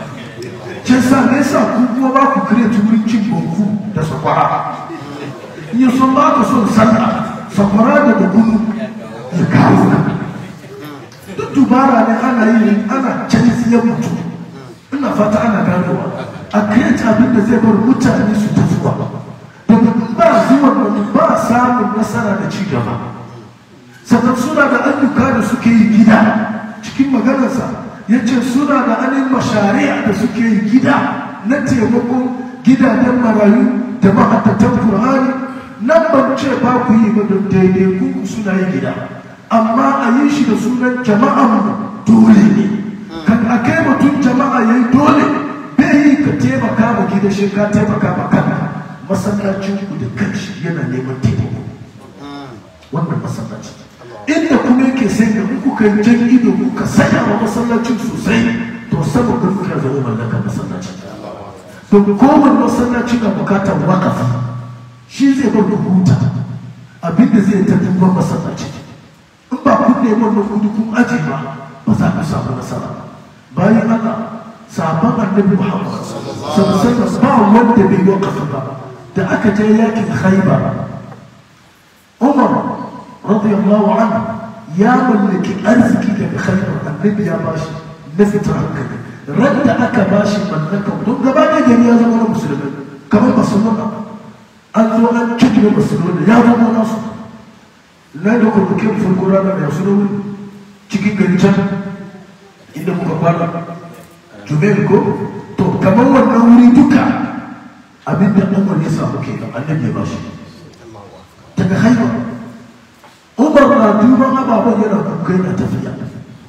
shi yasa me yasa ku kuma ba ku kire wurin cin gonku da sakwara in yi son ba ku son sallah sakwara da dugunu ya kawo duk dubara ne ana yi ana canziyar mutum ina fata ana ganowa a kai abin da zai bar mutane su tafuwa daga ba zuwa ba samun nasara da ci gaba sannan suna da ayyuka da suke yi gida cikin maganarsa ya ce suna da anin mashari'a da suke yi gida na taimakon gidajen marayu da ma'aikatan kur'ani nan ban ce ba ku yi ba don daidai ku suna yi gida amma a yi shi da sunan jama'an dole ne a kai mutum jama'a ya yi dole bai yi ka taimaka ma gida shi ka taimaka ma kanka masallacin ku da kanshi yana neman taimako wannan masallaci inda kuma yake sai da kuka yi jan ido ka sanya wa masallacin sosai to saboda kuka zama mallakar masallaci don kowane masallaci na bukatar wakafi shi zai bar da huta abinda zai tafi masallaci in ba kun neman na kudu kun aji ba ba za ku samu nasara ba bayan haka sabon annabi Muhammad sallallahu ba wanda bai wakafa ba da aka je yakin haiba Umar radiyallahu anhu ya mallaki arziki daga Khaibar annabi ya bashi na fitar hankali radda aka bashi mallaka don gaba da gari ya zama na musulmi kamar musulmi an zo an cikin nuna ya zama nasu na da kurkukin fulgura da ya suna cikin gari can inda kuka fara jubair ko to kamar wannan wuri duka abin da ɗan wani samu ke kan annabi ya ba shi daga haifa umar na duban ababen yana kuka yana tafiya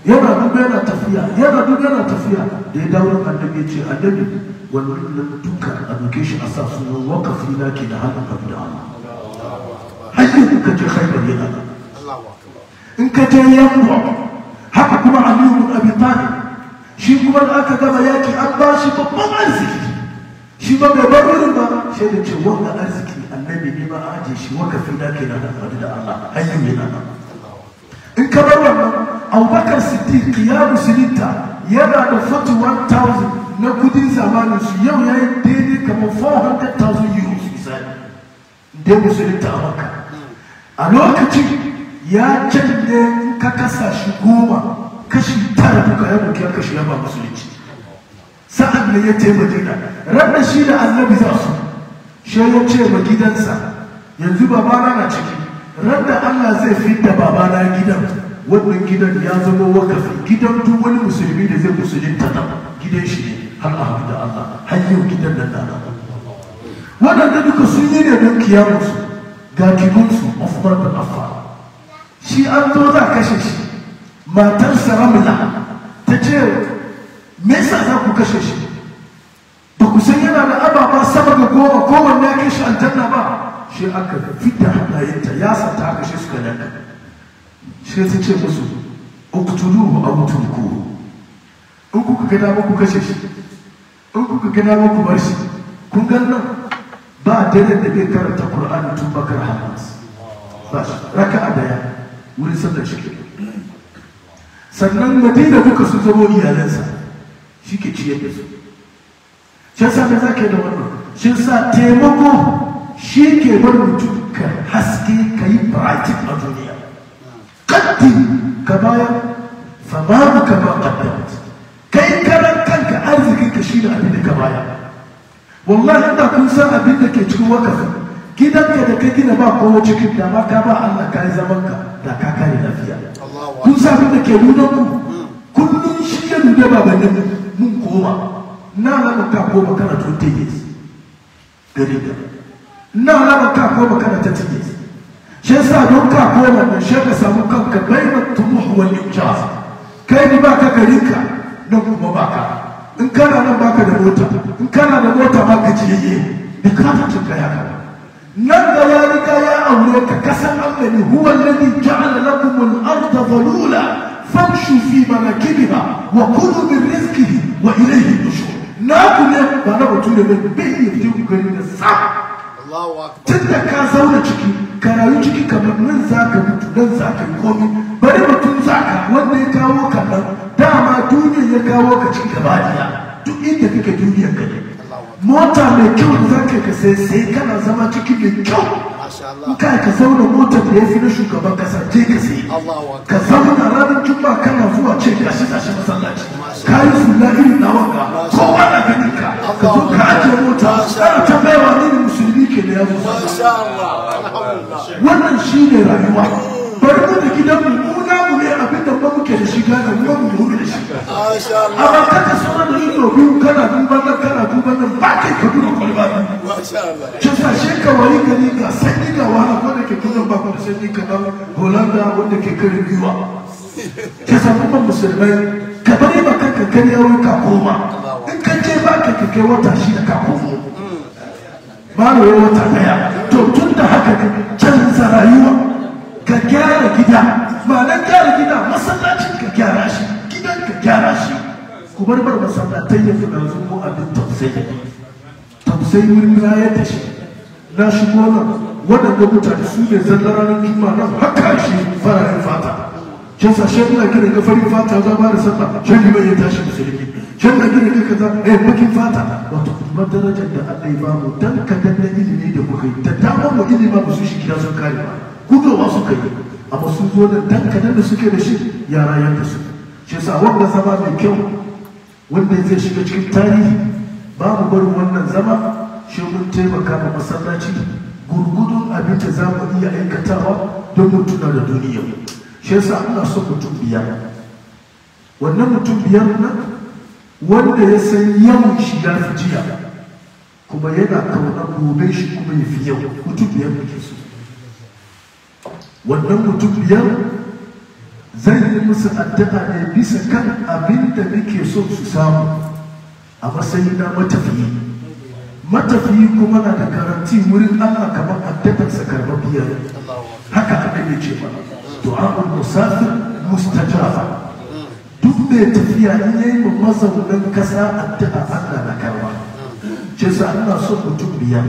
yana duba yana tafiya yana duba yana tafiya da ya dawo annabi ya ce annabi wannan duka a duke shi a sa sunan wakafi na ke da hannun abu da Allah hanyar kuka je haifa yana in ka je yamma haka kuma aliyu abin ta talib shi kuma da aka gama yaki an ba shi babban arziki shi ba bai babban ba shi da ce wanda arziki annabi ne ba a aje shi waka fi da ke na da hadu da Allah hanyar ne nan in ka bar wannan Abubakar Siddiq ya sinita yana da 41,000 na kudin zamanin su yau ya yi daidai kamar 400,000 euros misali dai musulunta a maka a lokacin ya canje ka kasa shi goma kashi tara duka ya ɗauki kashi ya ba musulunci sa'an ne ya ce madina ranar shi da annabi za su shi ya ce ma gidansa yanzu babana na ciki Randa allah zai fidda babana gidan wannan gidan ya zama wakafi gidan duk wani musulmi da zai musulunta ta gidan shi ne har abu da allah har yau gidan nan na waɗanda duka sun yi ne don kiyamusu ga kibinsu Usman da Affan shi an zo za a kashe shi matarsa ramla ta ce me yasa za ku kashe shi ba ku san yana da ababa sama ga goma kowanne ya kai shi aljanna ba shi aka fita hannayenta ya sata aka shi suka yanka shi ta ce musu a mutum ku in kuka ga dama ku kashe shi in kuka ga dama ku bar shi kun gan nan ba dare da bai karanta qur'ani tun bakar hamas ba shi a daya wurin sallar shi sannan madina duka sun zama iyalansa shi ke ciyar da su shi sa ne za ka yi da wannan shi sa taimako shi ke bar mutum ka haske ka yi baratin a duniya kaddi ka bayan famamu ka ba kaddamat kai karan kanka arziki ka shi da abin da ka bayan wallahi inda kun san abin da ke cikin wakafin gidanka da ka gina ba kowa cikin dama ka ba allah ka yi zaman ka da ka kare lafiya kun sa da ke nuna ku hmm. kullum shi ya nuna babannin mun koma na rana ka koma kana 20 years gari da na rana ka koma kana ta 30 years shi sa don ka koma nan shi ka samu kanka bai tumu tumuhu wal ibjas kai ni ba ka gari ka nan kuma ba ka in kana nan baka da mota in kana da mota ba ka jiyayye da ka ta tunka ya nan da ya riga ya aure ka kasan Allah ne huwa alladhi ja'ala lakum al-ardha dhalula famshu fi manakibiha wa kulu min rizqihi wa ilayhi tushur. na ku ne ba na batu ne ba bai yi je ku gani da sa tun da ka zauna ciki ka rayu ciki kamar nan za ka mutu nan za ka yi komai bari mutum za ka wanda ya kawo ka nan dama duniya ya kawo ka ciki gaba duk inda kake duniyar ka ne mota mai kyau da za ka sai sai kana zama ciki mai kyau in ka ka zauna mota da ya fi na shugaban kasa je ka sai ka zauna ranar juma kana zuwa ce gashi gashi masallaci ka yi sulla irin na wanka kowa na ganin ka ka zo ka ajiye mota ana tambayawa wa ne musulmi ke da ya zo wannan shi ne rayuwa bari mu da gidan mu kana ruwan mu hudu da biyu kana duban kana duban ba kai ka duba kwalba ba ka wani gari ga sanyi ga da ke tunan ba ko sanyi ka dan holanda wanda ke kare biyuwa ka samu ban musulmai ka bari ba kanka kare yawon ka koma in ka je ba ka kai wata shi da ka koma ba da wata daya to tun da haka ka canza rayuwa ka gyara gida ma nan gyara gida masallacin gyara shi gidan ka gyara shi ku bar bar masallatai ya fi yanzu ko abin tausayi tausayi wurin rayar da shi na shigo nan waɗanda mutane su ne zallar ranar juma nan haka shi fararen fata can sa shi ina kiran ga farin fata za ba da sallah can liman ya tashi da sarki can na gina ga kaza eh bakin fata wato darajar da Allah ya bamu dan ka da ilimi da kuka yi da dama mu ilimi ba su shi gida sun kare ba ku ga wasu kai amma sun zo da da suke da shi yara da su shi sa wanda zama mai kyau wanda zai shiga cikin tarihi babu barin wannan zama shi mun taimaka ma masallaci gurgudun abin da za mu iya aikatawa don mu tuna da duniya shi sa ana son mutum biyar wannan mutum biyar na wanda ya san yau shi ya jiya kuma yana kauna gobe shi kuma ya fi yau mutum biyar muke so wannan mutum biyar zai yi musu addu'a ne bisa kan abin da nake so su samu a matsayi na matafiyi matafiyi kuma na da karanti wurin Allah kamar addu'arsa karɓar biyar haka annabi ce ba. mana du'a'ul musafir mustajaba duk mai tafiya in yi ma mazaunin kasa addu'a Allah na karba ce sa Allah so mutum biyar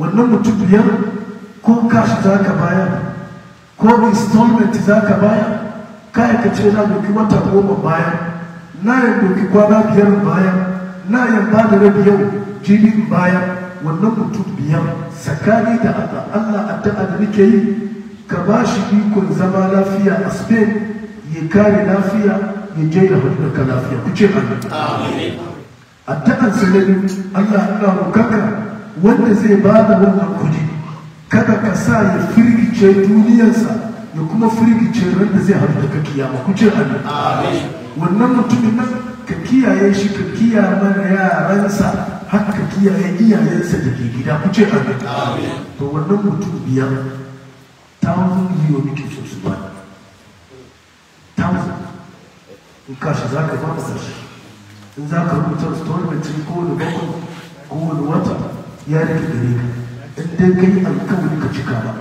wannan mutum biyar ko kashi za ka bayar ko installment zaka ka bayar ka ce na doki wata goma baya na yin doki kwana biyar baya na ba da rabi yau jini baya wannan mutum biyar sakani da Allah Allah addu'a da nake yi ka ba shi ikon zama lafiya a Spain ya kare lafiya ya je da ka lafiya ku ce amin addu'an sanani Allah ina roƙonka wanda zai ba da wannan kuɗi kada ka sa ya firgice duniyarsa ya kuma firgice ran da zai haɗu da ka kiyama ku ce amin wannan mutumin nan ka kiyaye shi ka kiyama yaransa har ka kiyaye iyayensa da ke gida ku ce amin to wannan mutum biyar tawon yiwo muke so su ba tawon in kashi za ka ba kashi in za ka rubuta storage ko cikin bakwai ko kowane wata ya rike gare ka in dai kai alkawari ka cika ba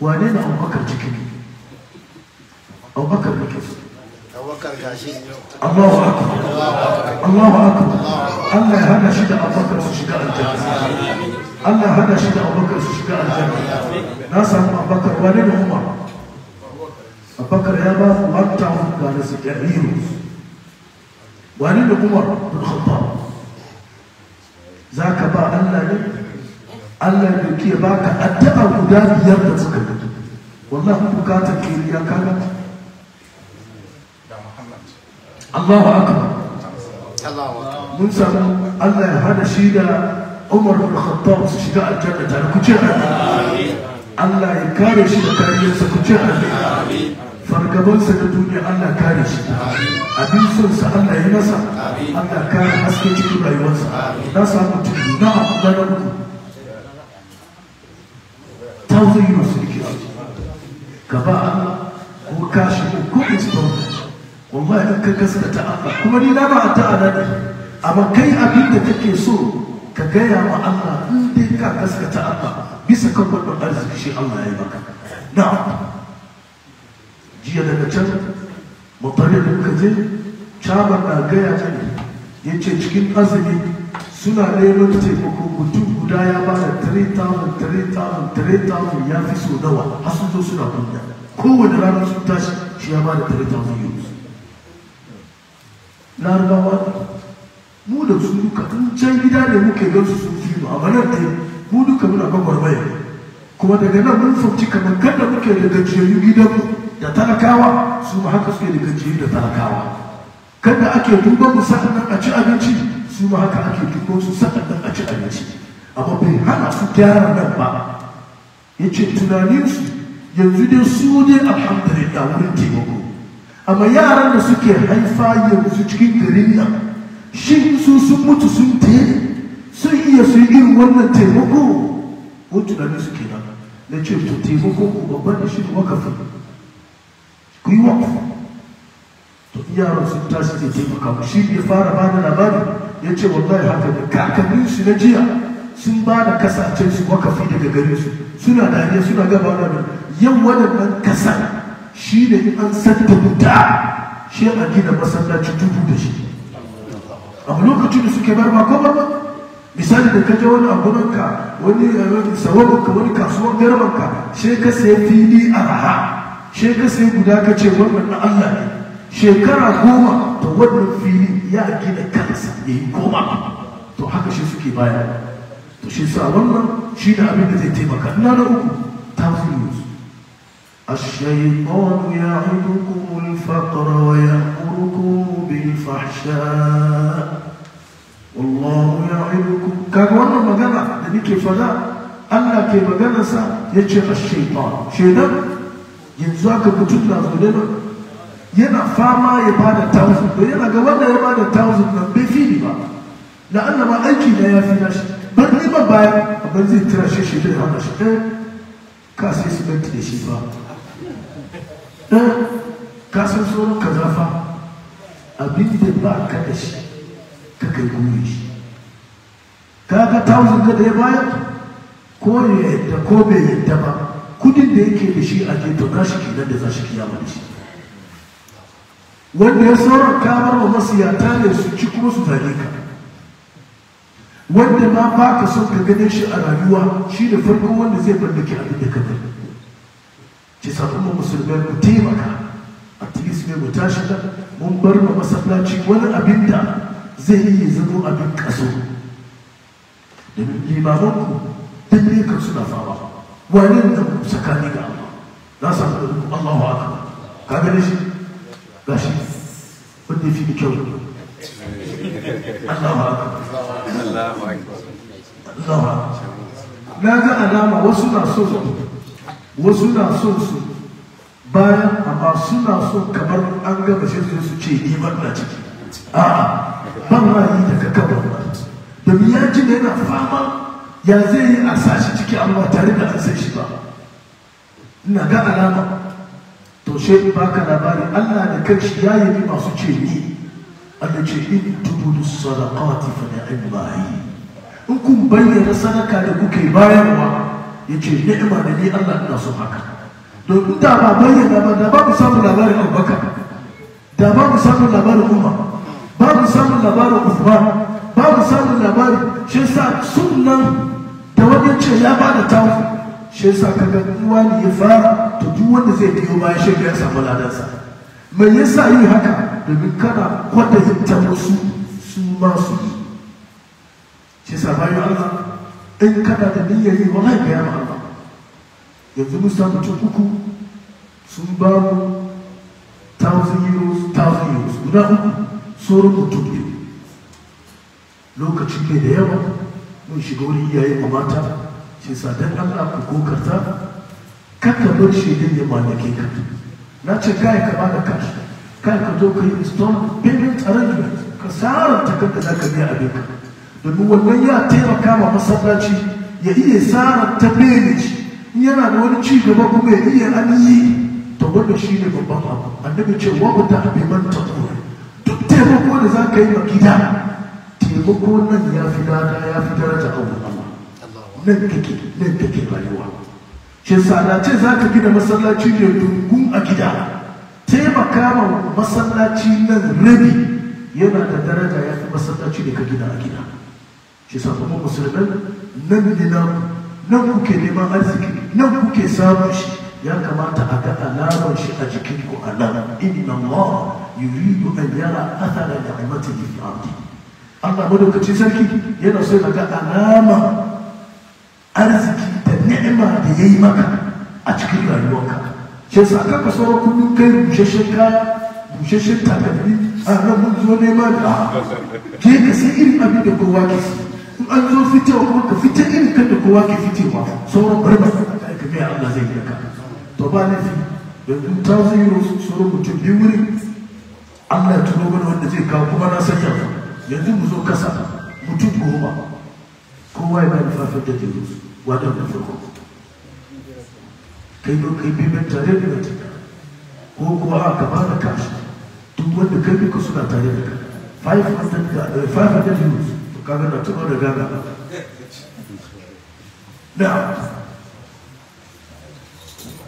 wane ne abubakar cikin abubakar muke Allahu akbar Allahu akbar Allah ya hana shi da abubakar su shiga aljanna Allah ya hana shi da abubakar su shiga aljanna na samu abubakar wane ne umar abubakar ya ba su makta ga da su jariru wane ne umar bin khattab ka ba Allah ne Allah ya ke baka addu'a guda biyar da suka gudu wallahi bukatar ke ya kaga Allahu akbar mun samu Allah ya hada shi da Umar bin Khattab su shiga aljanna tare ku ce Allah ya kare shi da kariyarsa ku ce amin fargabansa da duniya Allah kare shi abin son sa Allah ya masa Allah kare haske cikin rayuwarsa na samu tudu na abu na housing your security ka ba Allah ko ka shiga ko exponent wallahi in kuma ni na ba ta alada amma kai abin da kake so ka gaya wa Allah in dai ka gaskata Allah bisa kan wannan arziki shi Allah ya baka. na'am jiya daga can mutane da muka je caban na gaya mani ya ce cikin azumi suna lokacin taimako mutum guda ya ba da tare tamun tare ya fi so nawa har sun zo suna kunya kowane ranar sun tashi shi ya ba da tare tamun yau larabawa mu da su duka in can gida ne muke gan su sun fi mu a nan dai mu duka muna gwagwarmaya kuma daga nan mun fahimci kamar kada muke da gajiyayyu gidanmu da talakawa su ma haka suke da gajiyayyu da talakawa kada ake duban mu sa'an nan a ci abinci su ma haka ake tuko su sakatan a ci abinci amma bai hana su gyara nan ba ya ce su yanzu dai su ne alhamdulillah wurin taimako amma yaran da suke haifa yanzu cikin garin nan shi su sun mutu sun tere sun iya su irin wannan taimako ko tunanin su ke nan na ce to taimako ku babban da shi wakafin ku yi wakafin to yaran sun tashi zai taimaka mu shi ya fara bada labari ya ce wallahi haka ne kakannin su na jiya sun ba da kasashen su wakafi daga gare su suna dariya suna gaba da yau waɗannan kasar shi ne in an santa wuta shi a gina masallaci tutu da shi a lokacin da suke bar ba kowa ba misali da ka je wani abunanka wani sawabinka wani kasuwan garbanka shi ka sayi fili a raha shi ka sayi guda ka ce wannan na Allah ne shekara goma ta wannan fili ya gina kansa ya yi goma to haka shi suke baya to shi sa wannan shi da abin da zai taimaka ina na uku tafiyus الشيطان يعدكم الفقر ويأمركم بالفحشاء والله يعدكم كان وانا مجانا لاني كيف لا الله مجانا سا يتشغل الشيطان شيطان ينزاك بتطلع ba. yana fama ya ba da thousand to yana ga wanda ya ba da thousand nan bai fili ba da Allah ma aiki na ya fi nashi ban neman bayan abin zai tira shi shi zai hana shi ɗan eh, ka sai su banki da shi ba ɗan eh, ka san sauran ka zafa abin da ba ka da shi ka kai guri shi ka ga thousand ga da ya bayar ko ya yadda ko bai yadda ba kudin da yake da shi a to na shi kenan da za shi kiyama da shi wanda ya sauran kamar wa masu yata ne su ci kuma su zane ka wanda ma ba ka son ka gane shi a rayuwa shi da farko wanda zai farfake abin da ka bari ce sakon musulmai ku taimaka a tilis ne mu tashi da mun bar ma masallaci wani abin da zai iya zama abin kaso da limaman ku dan ne kan suna fama wani da ku sakani ga Allah na samu da Allahu akbar ka gane shi ga shi na ga alama wasu na so wasu na so su bayan amma suna so kamar an gama sai su su ce ni wannan ciki a'a ban ma yi daga kan wannan domin ya ji da yana fama ya zai yi a sashi ciki amma tare da an shi ba ina ga alama to sai baka labari Allah da kanshi ya yi bi masu ce ni Allah ce in tubudu sadaqati fa ni'mahi in kun bayyana sadaka da kuke bayarwa yace ni'ima da ni Allah ina so haka domin da ba bayyana ba da ba ku samu labarin Abubakar da ba ku labarin Umar ba ku labarin Uthman ba ku labarin shi sa sunnan da wajen ce ya bada tawo shi yasa ka ga uwa ne ya fara to duk wanda zai biyo bayan shi ya samu ladansa me yasa yi haka domin kana kwata hinta wasu su ma su yi shi yasa bayan Allah in kana da niyyar yi wallahi ka yama Allah yanzu mun samu mutum sun ba mu 1000 euros thousand euros guda uku sauran mutum ne Lokacin bai da yawa mun shiga wurin iyaye mu mata shi sa dan Allah ku kokarta kada bar shi din ya mallake ka na ce kai ka ba da kashi kai ka zo ka yi stone payment arrangement ka ta ka da ka biya abin ka domin wannan ya taimaka ma masallaci ya iya sara ta shi yana da wani ci gaba kuma ya iya an yi to wanda shi ne babban abu annabi ce wa ku ta abi man taqwa duk taimako da za ka yi ma gida taimako nan ya fi dada ya fi daraja abu nan kake nan kake rayuwa shi yasa za ka gina masallaci ne dungun a gida taimaka ma masallaci nan rabi yana da daraja ya fi masallaci da ka gina a gida shi yasa kuma musulman nan ne naku nan kuke neman arziki nan kuke samun shi ya kamata a ga alamar shi a jikin ku alama inna Allah yuridu an yara athara ni'matihi fi ardi Allah madaukacin sarki yana so ya ga alama arziki da ni'ima da ya yi maka a cikin rayuwarka shi sa aka kaso kullum kai busheshen kaya busheshen takalmi a nan mun zo nema da ke ka sai irin abin da kowa ke su in an zo fitewa kuma ka fita irin kan da kowa ke fitewa sauran barba da ka mai Allah zai yi ka to ba laifi da 2000 euros sauran mutum biyu wuri Allah ya tuno mana wanda zai kawo kuma na san yanzu mu zo kasa mutum goma kowa ya bani fafin da zai wadon da farko kai don kai bibin tare da mutum ko kuwa a gaba da kashi duk wanda kai bi ka suna tare da ka 500 eh, views to kaga na tuno da gaga na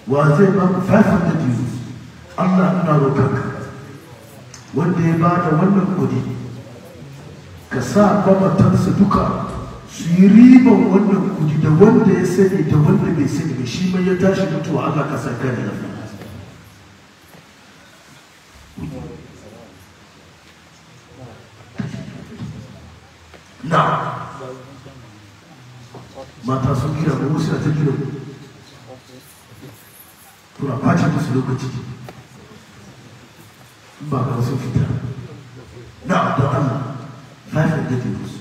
wa zai ba ku 500 views Allah na roƙar ka wanda ya ba da wannan kudi ka sa kwamatansu duka su yi riban wannan kudi da wanda ya sani da wanda bai sani ba shi mai ya tashi mutuwa Allah ka san kai da na mata sun kira mu wasu ta kira mu tura bata musu lokaci ba ka sun fita na da Allah lafiya da ke musu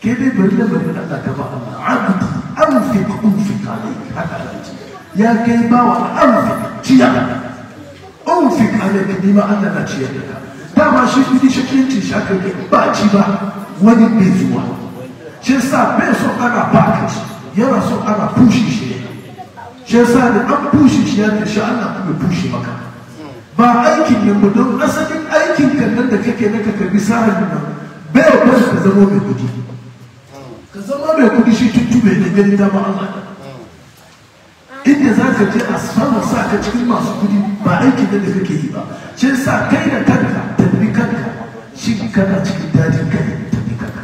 ke dai bari da bari da Allah gaba Allah abdi anfiq unfiq alayk haka Allah ya kai bawa anfiq ciya unfiq alayk ni ma Allah na ciyar da ka dama shi kudi shakinci shi aka kai ba ci ba wani bai zuwa shi sa bai so ana baka yana so ana fushi shi ne shi sa an fushi shi ya tashi Allah kuma fushi maka ba aikin ne mu don asalin aikin kan nan da kake na ka karbi sarar nan bai wani ka zama mai gudu zama mai kudi shi tuttube da gani dama Allah inda za ka je a samu sa ka cikin masu kudi ba aiki da da kake yi ba shi sa kai da kanka tafi kanka shi kana cikin dajin kai tafi kanka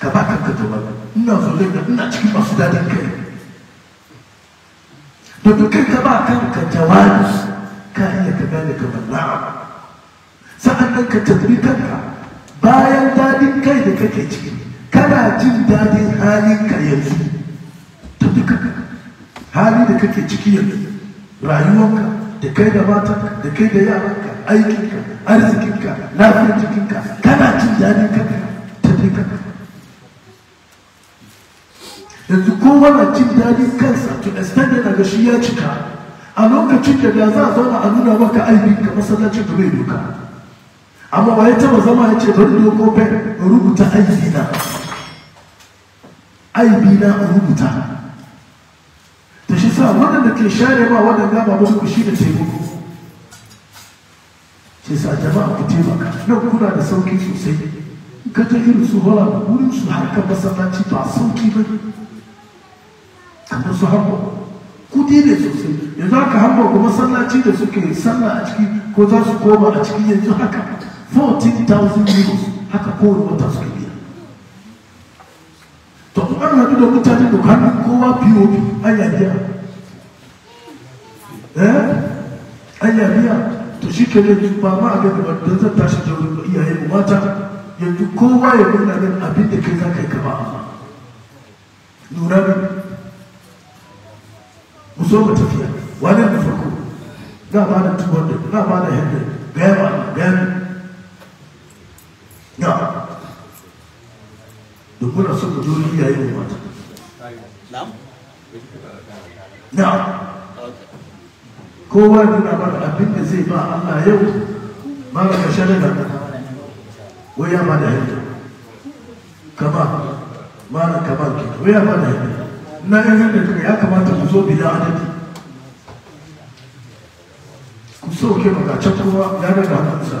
ka ba kanka jawabi ina zaune da ina cikin masu dajin kai domin kai ka ba kanka jawabi ka iya ka gane kamar na'am sa'an nan ka tafi kanka bayan dadin kai da kake ciki kana jin daɗin halinka yanzu ta duka hali da kake ciki yanzu rayuwarka da kai da mata da kai da yaranka aikinka arzikinka lafiyar jikinka kana jin dadin ka ta duka yanzu kowa na jin dadin kansa to extend na ga shi ya cika a lokacin da za a zauna a nuna maka aibinka masallacin da bai doka amma ba ya taba zama ya ce bari doko pen rubuta na aibina rubuta ta shi sa waɗanda ke share ba waɗanda ba musu shi da taimako ce sa jama'a ku taimaka nan kuna da sauki sosai ka ta irin su hola da wurin su harkar masallaci ba sauki ba kamar su harba kudi ne sosai yanzu haka harba kuma masallaci da suke sallah a ciki ko za su koma a ciki yanzu haka 14,000 euros haka kowane wata su biya to kuma an haɗu da mutane da hannun kowa pop an yabiya eh an yabiya to shi ke ne ma abin da tashi da wurin iyaye mu mata yanzu ya nuna min abin da kai kama nuna min mu zo tafiya wani na farko na ba na ba da gaya ba gaya ya da kuna so ku juri iyaye ne mata na kowa nuna mana abin da zai ba Allah yau ba ka shari da wai ya ba da yadda kama mana kama ke wai ya ba da yadda na yin yadda kuma ya kamata ku zo bila adadi ku so ke magacin kowa ya daga hannunsa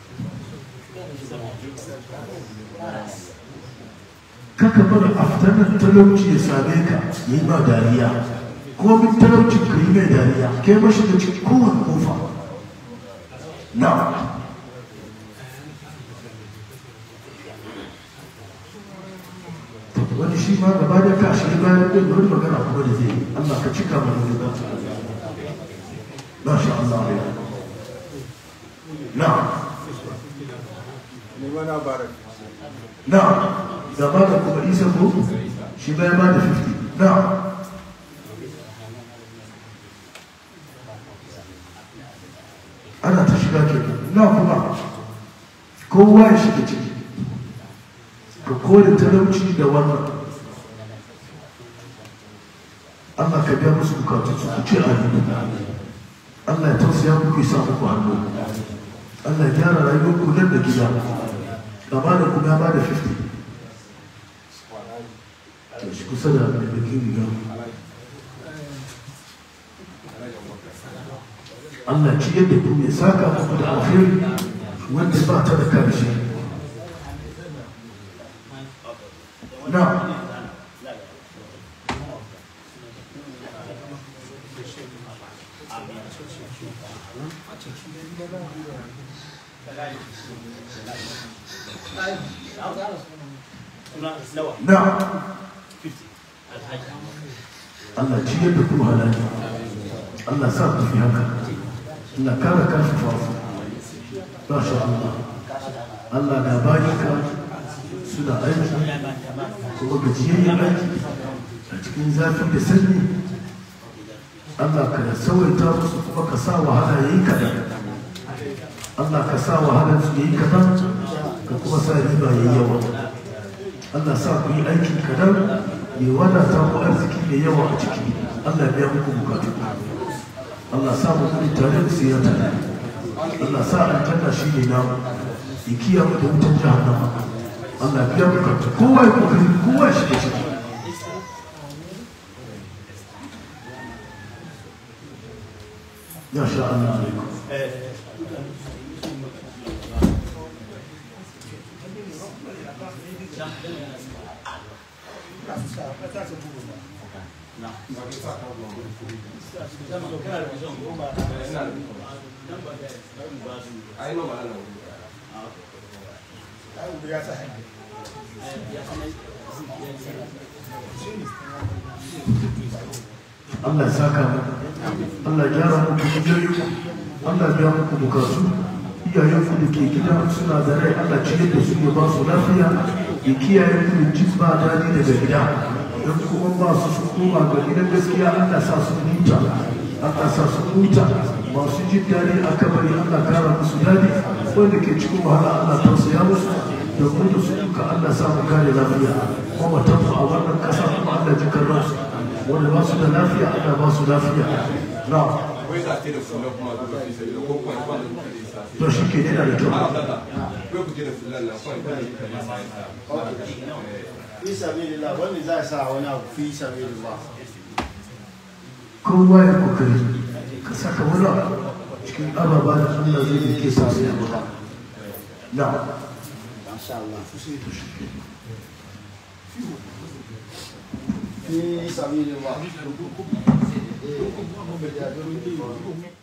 kaka bar aftanar talauci ya same ka ya yi ba dariya komin talaucin ka yi mai dariya ke mashi da cikin kowane kofa na wani shi ma gaba da kashi ya bayan ɗin da wani magana kuma da zai yi allah ka cika mana wani ba masha allah ya na نعم إذا مات قبليسه شما مات 50 نعم أنا تشباك لا كما kowa ya shiga ciki ka kore talauci da wannan Allah ka biya musu bukatu su ku ce amin Allah ya tausaya ya Allah ya gyara rayuwar nan da gida baba da kuma ba da 50 to shi kusa da mai riga Allah ci yadda ku mai saka da wanda ba ta da karshe na Thank you. na Allah ci yadda kuma halali Allah sa ku fi haka Allah kara karfafa su ba sha Allah Allah na bani ka suna aiki kuma gajiyayyen aiki a cikin zafi da sanyi Allah ka da sawaita musu kuma ka sa wahala yi kaɗan Allah ka sa wahalar su yi kaɗan ka kuma sa riba ya yi yawa Allah sa ku yi aikin kaɗan ya wadata ku arziki da yawa a ciki Allah ya biya muku bukatu Allah sa mu kuri tare da su ya tare Allah sa aljanna shi ne namu ya kiyaye da wutar jahannama Allah biya bukatu kowa ya kokari kowa shi da ciki Ya sha Allah alaikum. Eh. Allah ya saka mu Allah ya gyara muku kujoyi Allah ya biya muku bukatu iyayen ku da ke gida suna da rai Allah ciyar da su ya ba su lafiya ya kiyaye ku jin ba daɗi daga gida don kuma masu su koma ga gidan gaskiya Allah sa su huta Allah sa su huta masu jin daɗi a kabari Allah kara musu daɗi wanda ke cikin wahala Allah tausaya musu da kuma su duka Allah sa kare lafiya kuma tafi a wannan ƙasa kuma Allah ji karra su wanda ba su da lafiya da fi sabilillah wanda za a sa wani abu fi sabilillah kowa ya kokari ka saka wani abu cikin ababa da Allah zai ke sa sai abu ba na masha Allah fi sabilillah